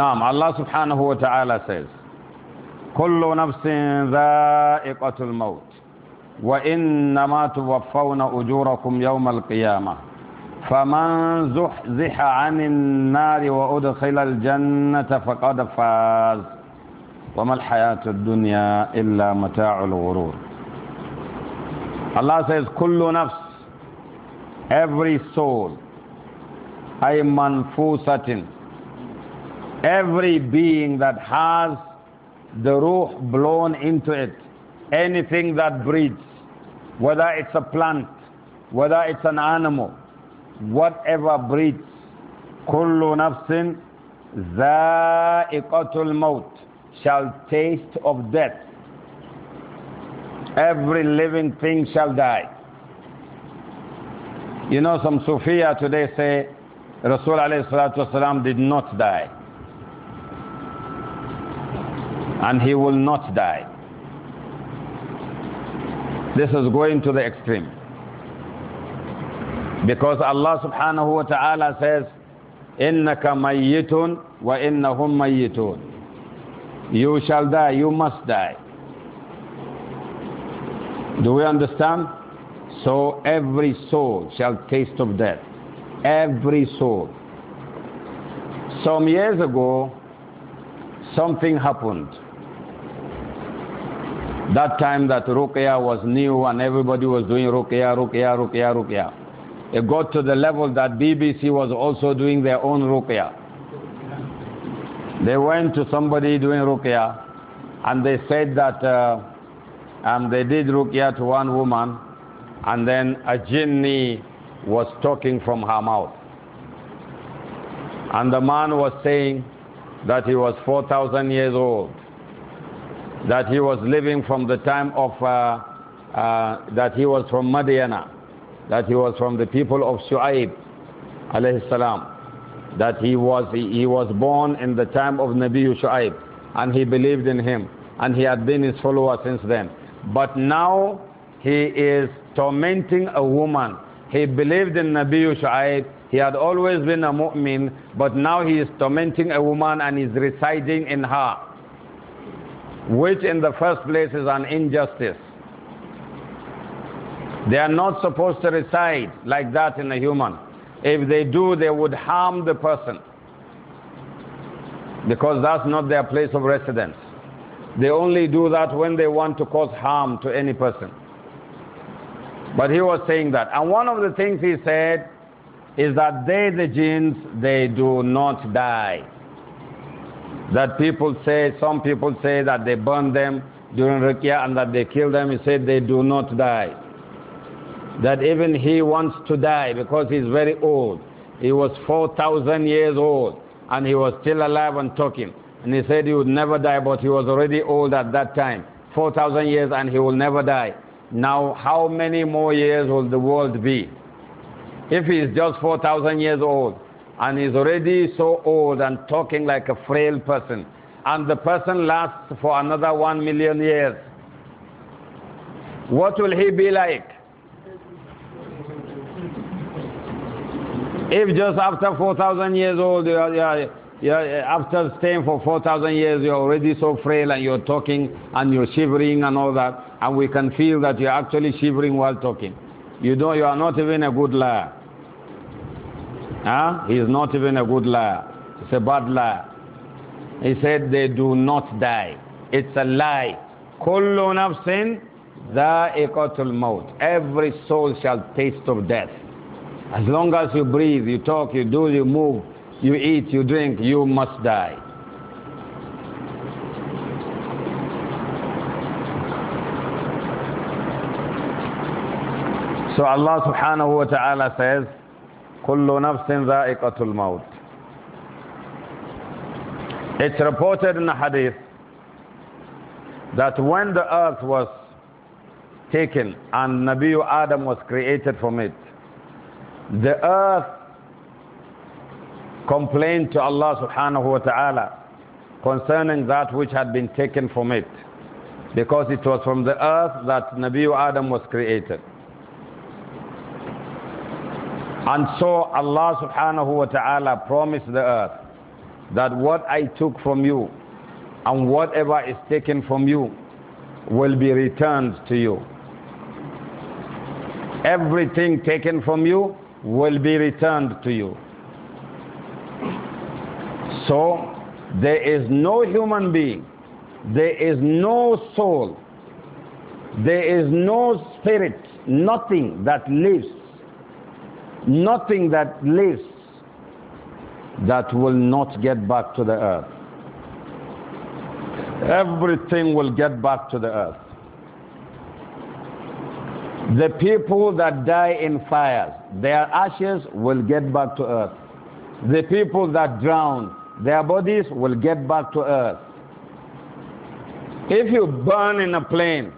نعم الله سبحانه وتعالى says, كل نفس ذائقة الموت وإنما توفون أجوركم يوم القيامة فمن زحزح عن النار وأدخل الجنة فقد فاز وما الحياة الدنيا إلا متاع الغرور الله says كل نفس every soul أي منفوسة Every being that has the ruh blown into it, anything that breathes, whether it's a plant, whether it's an animal, whatever breathes, kullu nafsin za'iqatul maut shall taste of death. Every living thing shall die. You know, some Sufiya today say Rasul did not die and he will not die. This is going to the extreme. Because Allah subhanahu wa ta'ala says, إِنَّكَ مَيِّتٌ وَإِنَّهُمْ مَيِّتُونَ You shall die, you must die. Do we understand? So every soul shall taste of death. Every soul. Some years ago, something happened that time that Ruqya was new and everybody was doing Ruqya, Ruqya, Ruqya, Ruqya. It got to the level that BBC was also doing their own Ruqya. They went to somebody doing Ruqya and they said that uh, um, they did Ruqya to one woman and then a jinni was talking from her mouth. And the man was saying that he was 4,000 years old that he was living from the time of, uh, uh, that he was from Madiana, that he was from the people of Shu'aib, alayhi salam, that he was, he, he was born in the time of Nabi Shu'aib, and he believed in him, and he had been his follower since then. But now he is tormenting a woman. He believed in Nabi Shu'aib, he had always been a mu'min, but now he is tormenting a woman and is residing in her which in the first place is an injustice. They are not supposed to reside like that in a human. If they do, they would harm the person because that's not their place of residence. They only do that when they want to cause harm to any person. But he was saying that. And one of the things he said is that they, the jinns, they do not die. That people say, some people say that they burn them during Rukia and that they kill them. He said they do not die. That even he wants to die because he's very old. He was 4,000 years old and he was still alive and talking. And he said he would never die, but he was already old at that time 4,000 years and he will never die. Now, how many more years will the world be? If he is just 4,000 years old, and is already so old and talking like a frail person, and the person lasts for another one million years, what will he be like? If just after 4,000 years old, you are, you are, you are, after staying for 4,000 years, you're already so frail and you're talking and you're shivering and all that, and we can feel that you're actually shivering while talking. You know, you are not even a good liar. Huh? He's not even a good liar. He's a bad liar. He said they do not die. It's a lie. sin, the ذائقة الموت. Every soul shall taste of death. As long as you breathe, you talk, you do, you move, you eat, you drink, you must die. So Allah subhanahu wa ta'ala says, it's reported in the hadith that when the earth was taken and Nabi Adam was created from it, the earth complained to Allah subhanahu wa ta'ala concerning that which had been taken from it because it was from the earth that Nabi Adam was created. And so Allah subhanahu wa ta'ala promised the earth that what I took from you and whatever is taken from you will be returned to you. Everything taken from you will be returned to you. So, there is no human being, there is no soul, there is no spirit, nothing that lives nothing that lives that will not get back to the earth. Everything will get back to the earth. The people that die in fires, their ashes will get back to earth. The people that drown, their bodies will get back to earth. If you burn in a plane,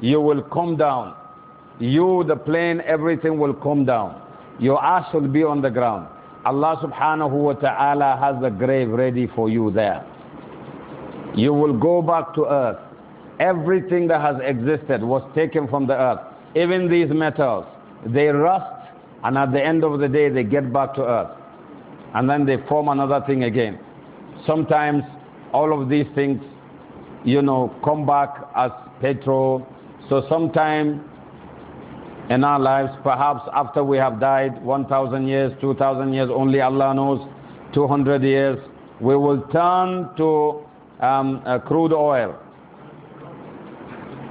you will come down. You, the plane, everything will come down. Your ass will be on the ground. Allah subhanahu wa ta'ala has the grave ready for you there. You will go back to earth. Everything that has existed was taken from the earth. Even these metals, they rust, and at the end of the day, they get back to earth. And then they form another thing again. Sometimes all of these things, you know, come back as petrol. So sometimes in our lives, perhaps after we have died, 1,000 years, 2,000 years, only Allah knows, 200 years, we will turn to um, uh, crude oil.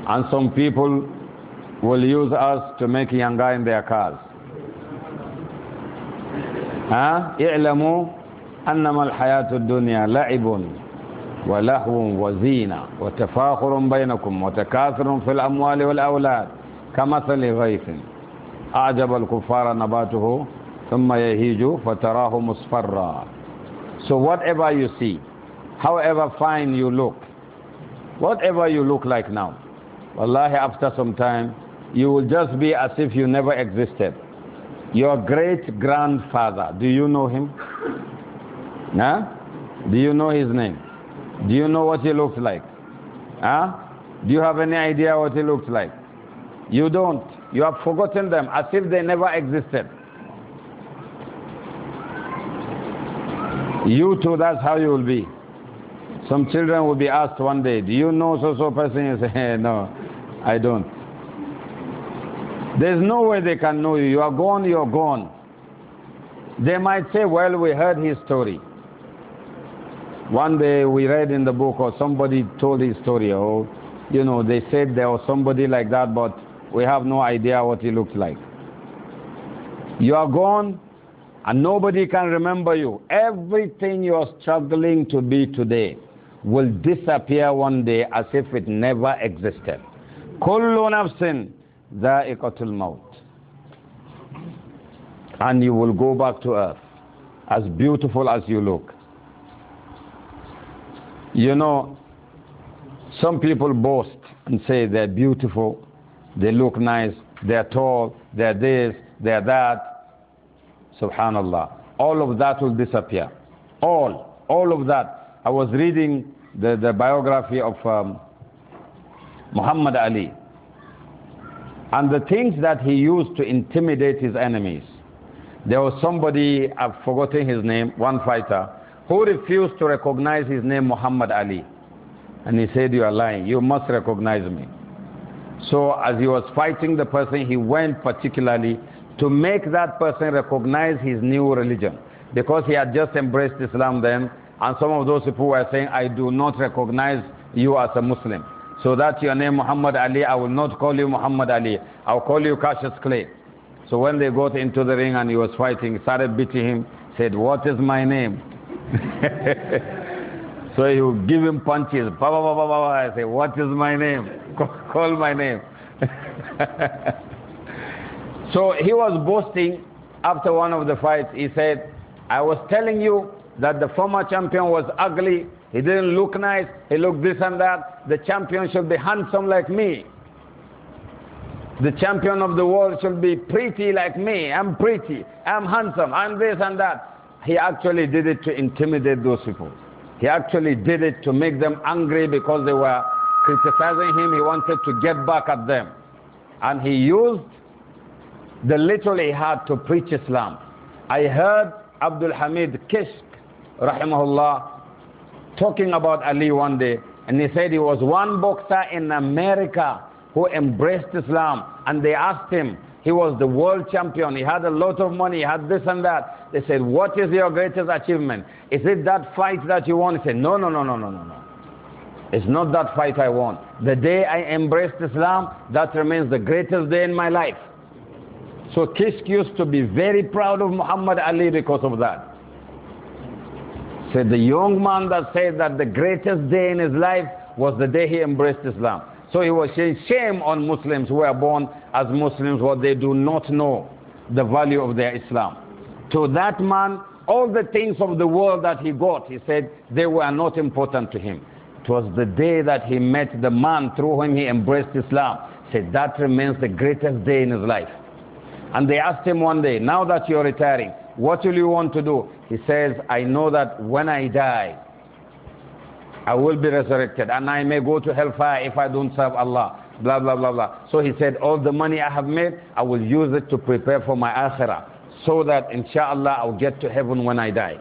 And some people will use us to make yanga in their cars. ها اعلموا انما الحياة الدنيا لعب ولهو وزينة وتفاخر بينكم وتكاثر في الاموال والاولاد كمثل غيث أعجب الكفار نباته ثم يهيج فتراه مصفرا So whatever you see, however fine you look, whatever you look like now, wallahi after some time, you will just be as if you never existed. Your great grandfather, do you know him? Huh? Do you know his name? Do you know what he looked like? Huh? Do you have any idea what he looked like? You don't. You have forgotten them as if they never existed. You too, that's how you will be. Some children will be asked one day, Do you know so so person? You say, hey, No, I don't. There's no way they can know you. You are gone, you're gone. They might say, Well, we heard his story. One day we read in the book, or somebody told his story, or, you know, they said there was somebody like that, but we have no idea what he looks like. You are gone and nobody can remember you. Everything you are struggling to be today will disappear one day as if it never existed. كل نفس ذائقة الموت and you will go back to earth as beautiful as you look. You know, some people boast and say they're beautiful they look nice, they're tall, they're this, they're that. Subhanallah. All of that will disappear. All, all of that. I was reading the, the biography of um, Muhammad Ali and the things that he used to intimidate his enemies. There was somebody, I've forgotten his name, one fighter, who refused to recognize his name, Muhammad Ali. And he said, You are lying. You must recognize me. So as he was fighting the person, he went particularly to make that person recognize his new religion. Because he had just embraced Islam then, and some of those people were saying, I do not recognize you as a Muslim. So that's your name Muhammad Ali, I will not call you Muhammad Ali. I will call you Cassius Clay. So when they got into the ring and he was fighting, started beating him, said, What is my name? so he would give him punches. bah bah bah bah bah. I say, What is my name? call my name. so he was boasting after one of the fights. He said, I was telling you that the former champion was ugly. He didn't look nice. He looked this and that. The champion should be handsome like me. The champion of the world should be pretty like me. I'm pretty. I'm handsome. I'm this and that. He actually did it to intimidate those people. He actually did it to make them angry because they were criticizing him, he wanted to get back at them. And he used the little he had to preach Islam. I heard Abdul Hamid Kishk, rahimahullah, talking about Ali one day, and he said he was one boxer in America who embraced Islam, and they asked him, he was the world champion, he had a lot of money, he had this and that. They said, What is your greatest achievement? Is it that fight that you won? He said, No, no, no, no, no, no, no. It's not that fight I won. The day I embraced Islam, that remains the greatest day in my life. So Kishk used to be very proud of Muhammad Ali because of that. Said the young man that said that the greatest day in his life was the day he embraced Islam. So he was saying shame on Muslims who are born as Muslims what they do not know the value of their Islam. To that man, all the things of the world that he got, he said, they were not important to him. It was the day that he met the man through whom he embraced Islam. Said that remains the greatest day in his life. And they asked him one day, now that you're retiring, what will you want to do? He says, I know that when I die, I will be resurrected and I may go to hellfire if I don't serve Allah. Blah, blah, blah, blah. So he said, All the money I have made, I will use it to prepare for my akhirah so that inshallah I'll get to heaven when I die.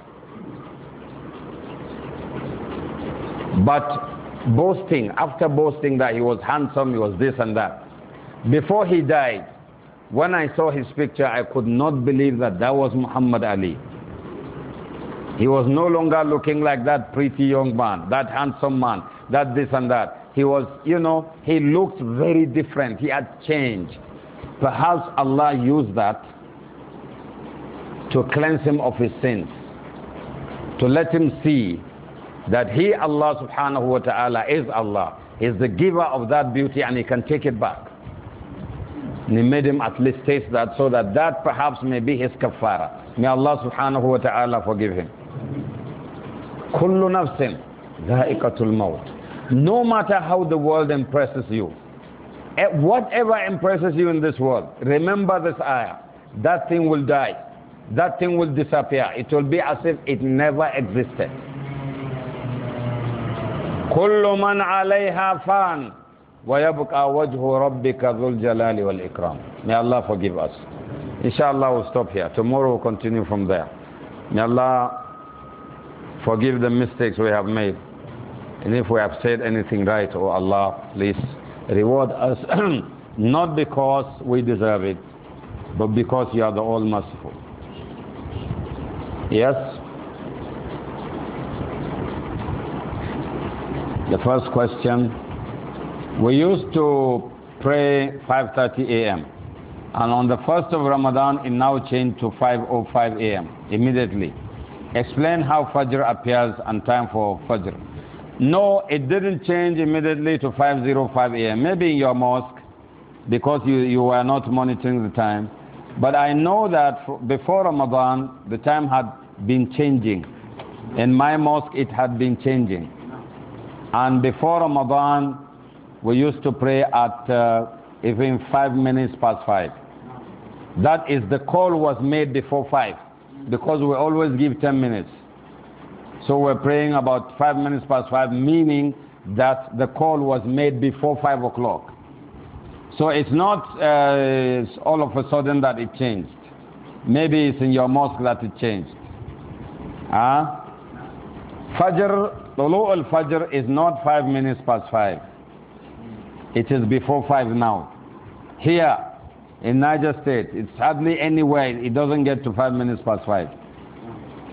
But boasting, after boasting that he was handsome, he was this and that. Before he died, when I saw his picture, I could not believe that that was Muhammad Ali. He was no longer looking like that pretty young man, that handsome man, that this and that. He was, you know, he looked very different. He had changed. Perhaps Allah used that to cleanse him of his sins, to let him see that He, Allah subhanahu wa ta'ala, is Allah, is the giver of that beauty and He can take it back. And he made him at least taste that so that that perhaps may be his kafara. May Allah subhanahu wa ta'ala forgive him. كل نفس ذائقة الموت No matter how the world impresses you, eh, whatever impresses you in this world, remember this ayah. That thing will die. That thing will disappear. It will be as if it never existed. كل من عليها فان ويبقى وجه ربك ذو الجلال والإكرام May Allah forgive us. Inshallah we'll stop here. Tomorrow we'll continue from there. May Allah forgive the mistakes we have made. And if we have said anything right, oh Allah, please reward us. Not because we deserve it, but because you are the All Merciful. Yes? The first question, we used to pray 5.30 a.m. And on the first of Ramadan, it now changed to 5.05 a.m. immediately. Explain how Fajr appears and time for Fajr. No, it didn't change immediately to 5.05 a.m. Maybe in your mosque, because you, you were not monitoring the time. But I know that before Ramadan, the time had been changing. In my mosque, it had been changing. And before Ramadan, we used to pray at uh, even five minutes past five. That is, the call was made before five because we always give 10 minutes. So we're praying about five minutes past five, meaning that the call was made before five o'clock. So it's not uh, all of a sudden that it changed. Maybe it's in your mosque that it changed. Huh? Fajr, Tulu al-Fajr is not five minutes past five. It is before five now. Here, in Niger State, it's hardly anywhere, it doesn't get to five minutes past five.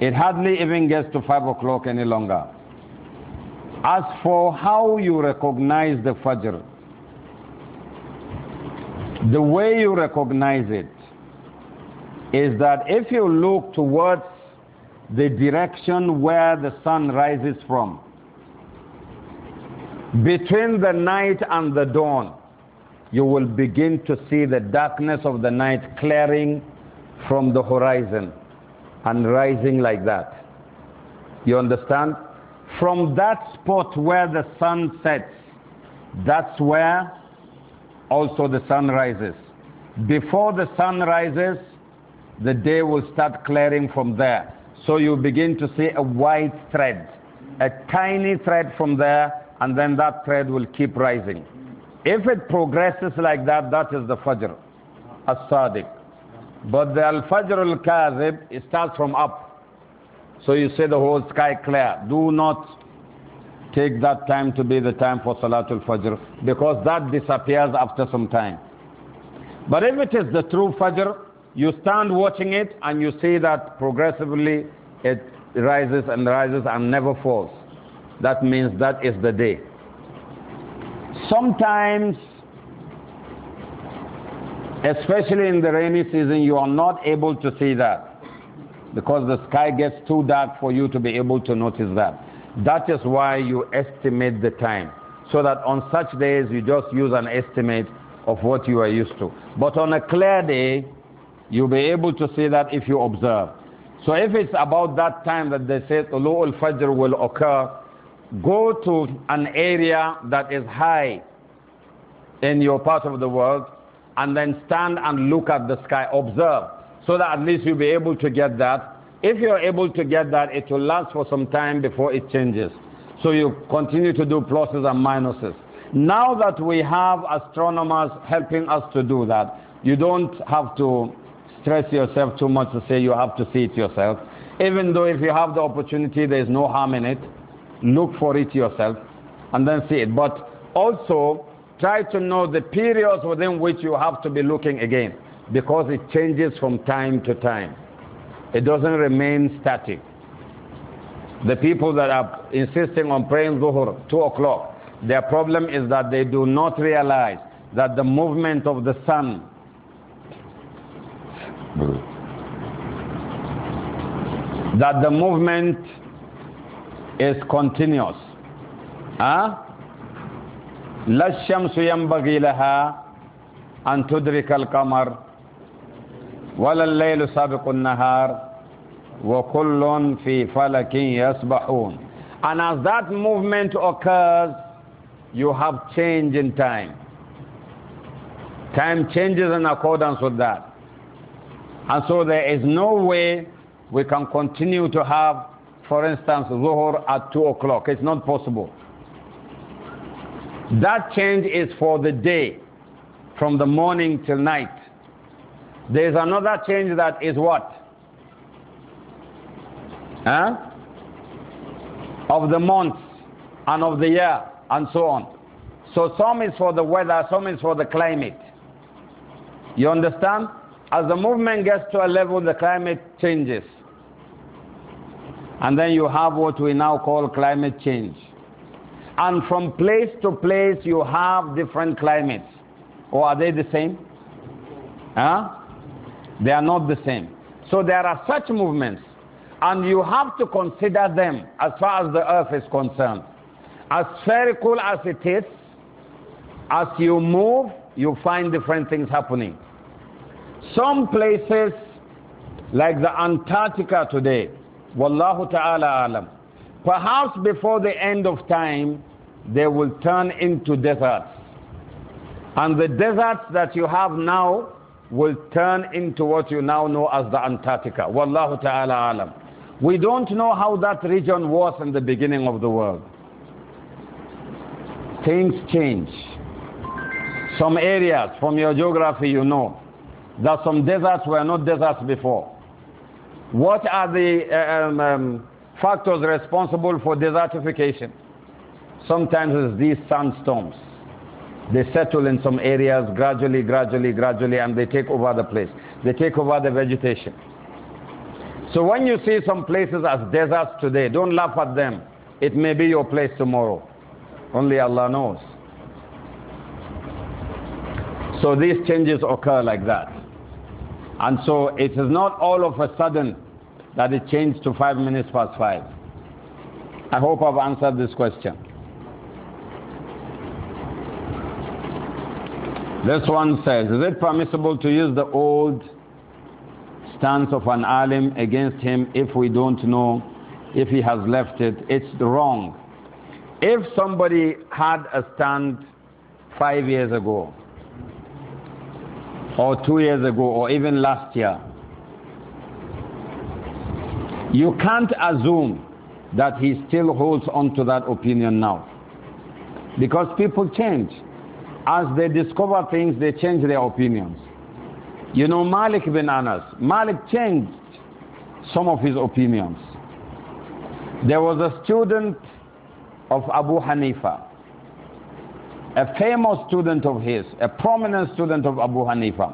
It hardly even gets to five o'clock any longer. As for how you recognize the Fajr, the way you recognize it is that if you look towards the direction where the sun rises from. Between the night and the dawn, you will begin to see the darkness of the night clearing from the horizon and rising like that. You understand? From that spot where the sun sets, that's where also the sun rises. Before the sun rises, the day will start clearing from there. So you begin to see a white thread, a tiny thread from there, and then that thread will keep rising. If it progresses like that, that is the Fajr, as-sadiq. But the al-Fajr al-Kazib, it starts from up. So you see the whole sky clear. Do not take that time to be the time for Salatul Fajr because that disappears after some time. But if it is the true Fajr, you stand watching it and you see that progressively it rises and rises and never falls. That means that is the day. Sometimes, especially in the rainy season, you are not able to see that because the sky gets too dark for you to be able to notice that. That is why you estimate the time. So that on such days, you just use an estimate of what you are used to. But on a clear day, You'll be able to see that if you observe. So if it's about that time that they say Tulu al-Fajr will occur, go to an area that is high in your part of the world and then stand and look at the sky, observe, so that at least you'll be able to get that. If you're able to get that, it will last for some time before it changes. So you continue to do pluses and minuses. Now that we have astronomers helping us to do that, you don't have to stress yourself too much to say you have to see it yourself. Even though if you have the opportunity, there is no harm in it. Look for it yourself and then see it. But also, try to know the periods within which you have to be looking again because it changes from time to time. It doesn't remain static. The people that are insisting on praying Dhuhr, 2 o'clock, their problem is that they do not realize that the movement of the sun that the movement is continuous. Huh? لا الشمس ينبغي لها أن تدرك القمر ولا الليل سابق النهار وكل في فلك يسبحون And as that movement occurs, you have change in time. Time changes in accordance with that. And so there is no way we can continue to have, for instance, Zuhur at 2 o'clock. It's not possible. That change is for the day, from the morning till night. There is another change that is what? Huh? Of the months and of the year and so on. So some is for the weather, some is for the climate. You understand? As the movement gets to a level, the climate changes. And then you have what we now call climate change. And from place to place, you have different climates. Or are they the same? Huh? They are not the same. So there are such movements, and you have to consider them as far as the earth is concerned. As spherical as it is, as you move, you find different things happening. Some places, like the Antarctica today, Wallahu ta'ala alam, perhaps before the end of time, they will turn into deserts. And the deserts that you have now will turn into what you now know as the Antarctica. Wallahu ta'ala alam. We don't know how that region was in the beginning of the world. Things change. Some areas from your geography you know that some deserts were not deserts before. What are the uh, um, um, factors responsible for desertification? Sometimes it's these sandstorms. They settle in some areas gradually, gradually, gradually, and they take over the place. They take over the vegetation. So when you see some places as deserts today, don't laugh at them. It may be your place tomorrow. Only Allah knows. So these changes occur like that. And so it is not all of a sudden that it changed to five minutes past five. I hope I've answered this question. This one says, is it permissible to use the old stance of an alim against him if we don't know if he has left it? It's wrong. If somebody had a stand five years ago or two years ago or even last year. You can't assume that he still holds on to that opinion now. Because people change. As they discover things, they change their opinions. You know, Malik bin Anas, Malik changed some of his opinions. There was a student of Abu Hanifa a famous student of his, a prominent student of Abu Hanifa.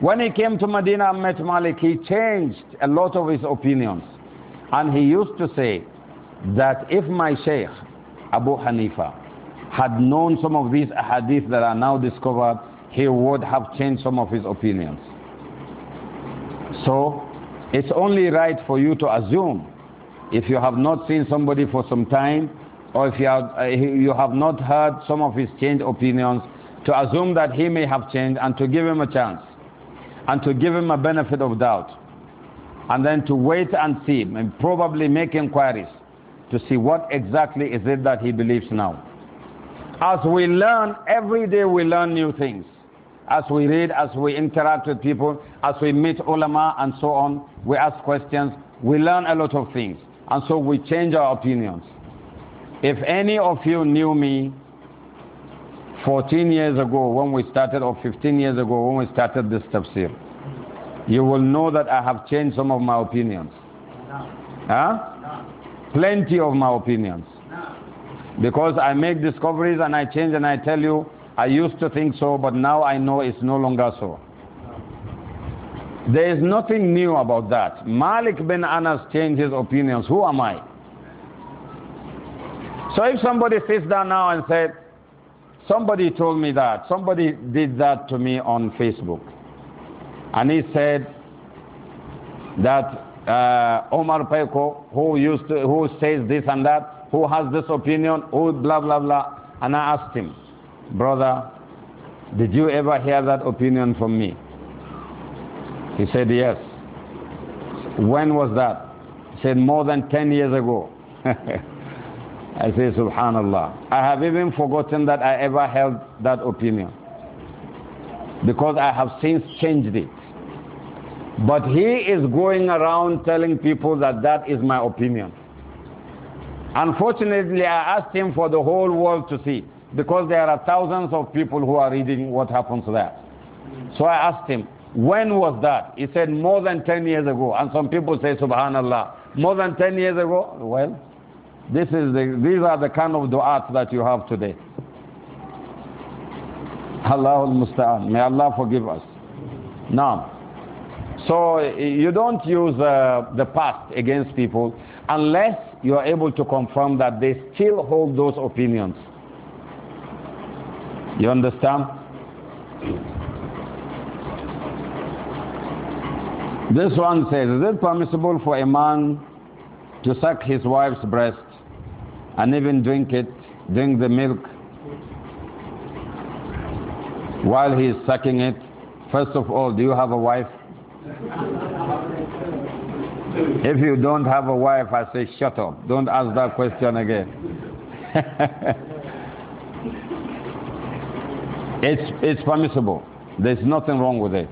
When he came to Medina and met Malik, he changed a lot of his opinions. And he used to say that if my Shaykh, Abu Hanifa, had known some of these hadiths that are now discovered, he would have changed some of his opinions. So, it's only right for you to assume, if you have not seen somebody for some time, or if you have, uh, you have not heard some of his changed opinions, to assume that he may have changed and to give him a chance and to give him a benefit of doubt and then to wait and see and probably make inquiries to see what exactly is it that he believes now. As we learn, every day we learn new things. As we read, as we interact with people, as we meet ulama and so on, we ask questions, we learn a lot of things. And so we change our opinions. If any of you knew me 14 years ago when we started, or 15 years ago when we started this tafsir, you will know that I have changed some of my opinions. No. Huh? No. Plenty of my opinions. No. Because I make discoveries and I change and I tell you, I used to think so, but now I know it's no longer so. There is nothing new about that. Malik bin Anas changed his opinions. Who am I? So if somebody sits down now and said, somebody told me that, somebody did that to me on Facebook, and he said that uh, Omar Peko, who used to, who says this and that, who has this opinion, who blah blah blah, and I asked him, brother, did you ever hear that opinion from me? He said yes. When was that? He said more than ten years ago. I say, Subhanallah. I have even forgotten that I ever held that opinion because I have since changed it. But he is going around telling people that that is my opinion. Unfortunately, I asked him for the whole world to see because there are thousands of people who are reading what happens there. So I asked him, when was that? He said, more than 10 years ago. And some people say, Subhanallah, more than 10 years ago? Well, this is the, these are the kind of du'at that you have today. Allahul Musta'an. May Allah forgive us. Now, so you don't use uh, the past against people unless you are able to confirm that they still hold those opinions. You understand? This one says, is it permissible for a man to suck his wife's breast and even drink it, drink the milk while he is sucking it. First of all, do you have a wife? If you don't have a wife, I say shut up. Don't ask that question again. it's, it's permissible. There's nothing wrong with it.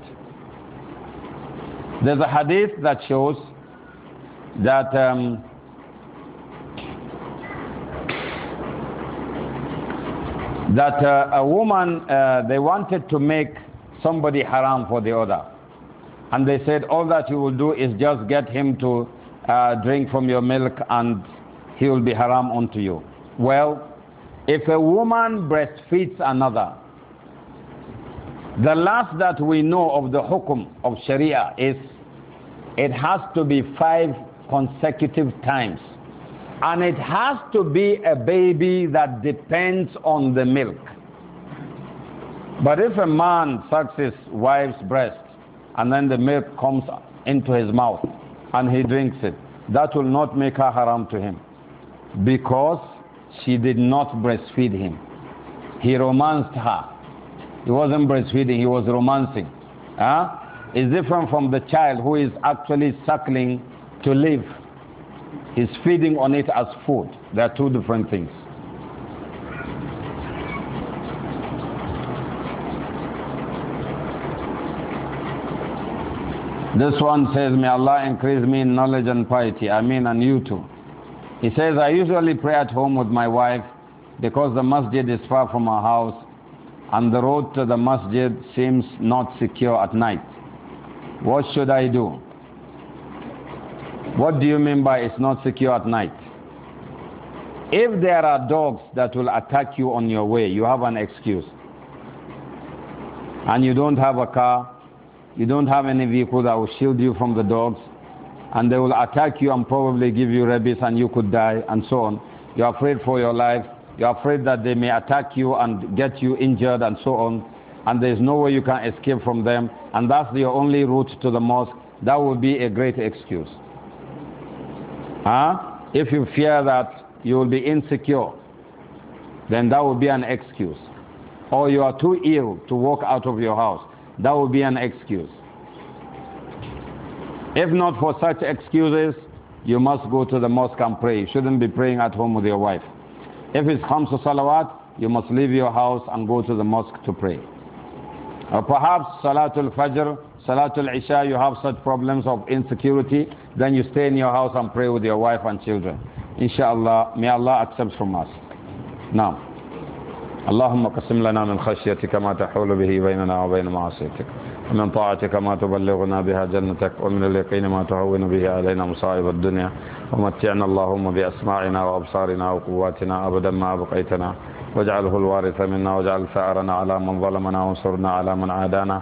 There's a hadith that shows that um, that uh, a woman, uh, they wanted to make somebody haram for the other. And they said, all that you will do is just get him to uh, drink from your milk and he will be haram unto you. Well, if a woman breastfeeds another, the last that we know of the hukum of Sharia is it has to be five consecutive times and it has to be a baby that depends on the milk. But if a man sucks his wife's breast and then the milk comes into his mouth and he drinks it, that will not make her haram to him because she did not breastfeed him. He romanced her. He wasn't breastfeeding, he was romancing. Huh? It's different from the child who is actually suckling to live. He's feeding on it as food. They are two different things. This one says, May Allah increase me in knowledge and piety. I mean, and you too. He says, I usually pray at home with my wife because the masjid is far from our house and the road to the masjid seems not secure at night. What should I do? What do you mean by it's not secure at night? If there are dogs that will attack you on your way, you have an excuse. And you don't have a car, you don't have any vehicle that will shield you from the dogs, and they will attack you and probably give you rabies and you could die and so on. You're afraid for your life, you're afraid that they may attack you and get you injured and so on, and there's no way you can escape from them, and that's your only route to the mosque. That would be a great excuse. Huh? If you fear that you will be insecure, then that would be an excuse. Or you are too ill to walk out of your house, that would be an excuse. If not for such excuses, you must go to the mosque and pray. You shouldn't be praying at home with your wife. If it's Khamsa Salawat, you must leave your house and go to the mosque to pray. Or perhaps Salatul Fajr Salatul Isha, you have such problems of insecurity, then you stay in your house and pray with your wife and children. Inshallah, may Allah accept from us. Now. اللهم قسم لنا من خشيتك ما تحول به بيننا وبين معصيتك ومن طاعتك ما تبلغنا بها جنتك ومن اليقين ما تهون به علينا مصائب الدنيا ومتعنا اللهم بأسماعنا وأبصارنا وقواتنا أبدا ما أبقيتنا واجعله الوارث منا واجعل ثأرنا على من ظلمنا وانصرنا على من عادانا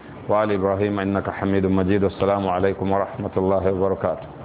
وعلى إبراهيم إنك حميد مجيد والسلام عليكم ورحمة الله وبركاته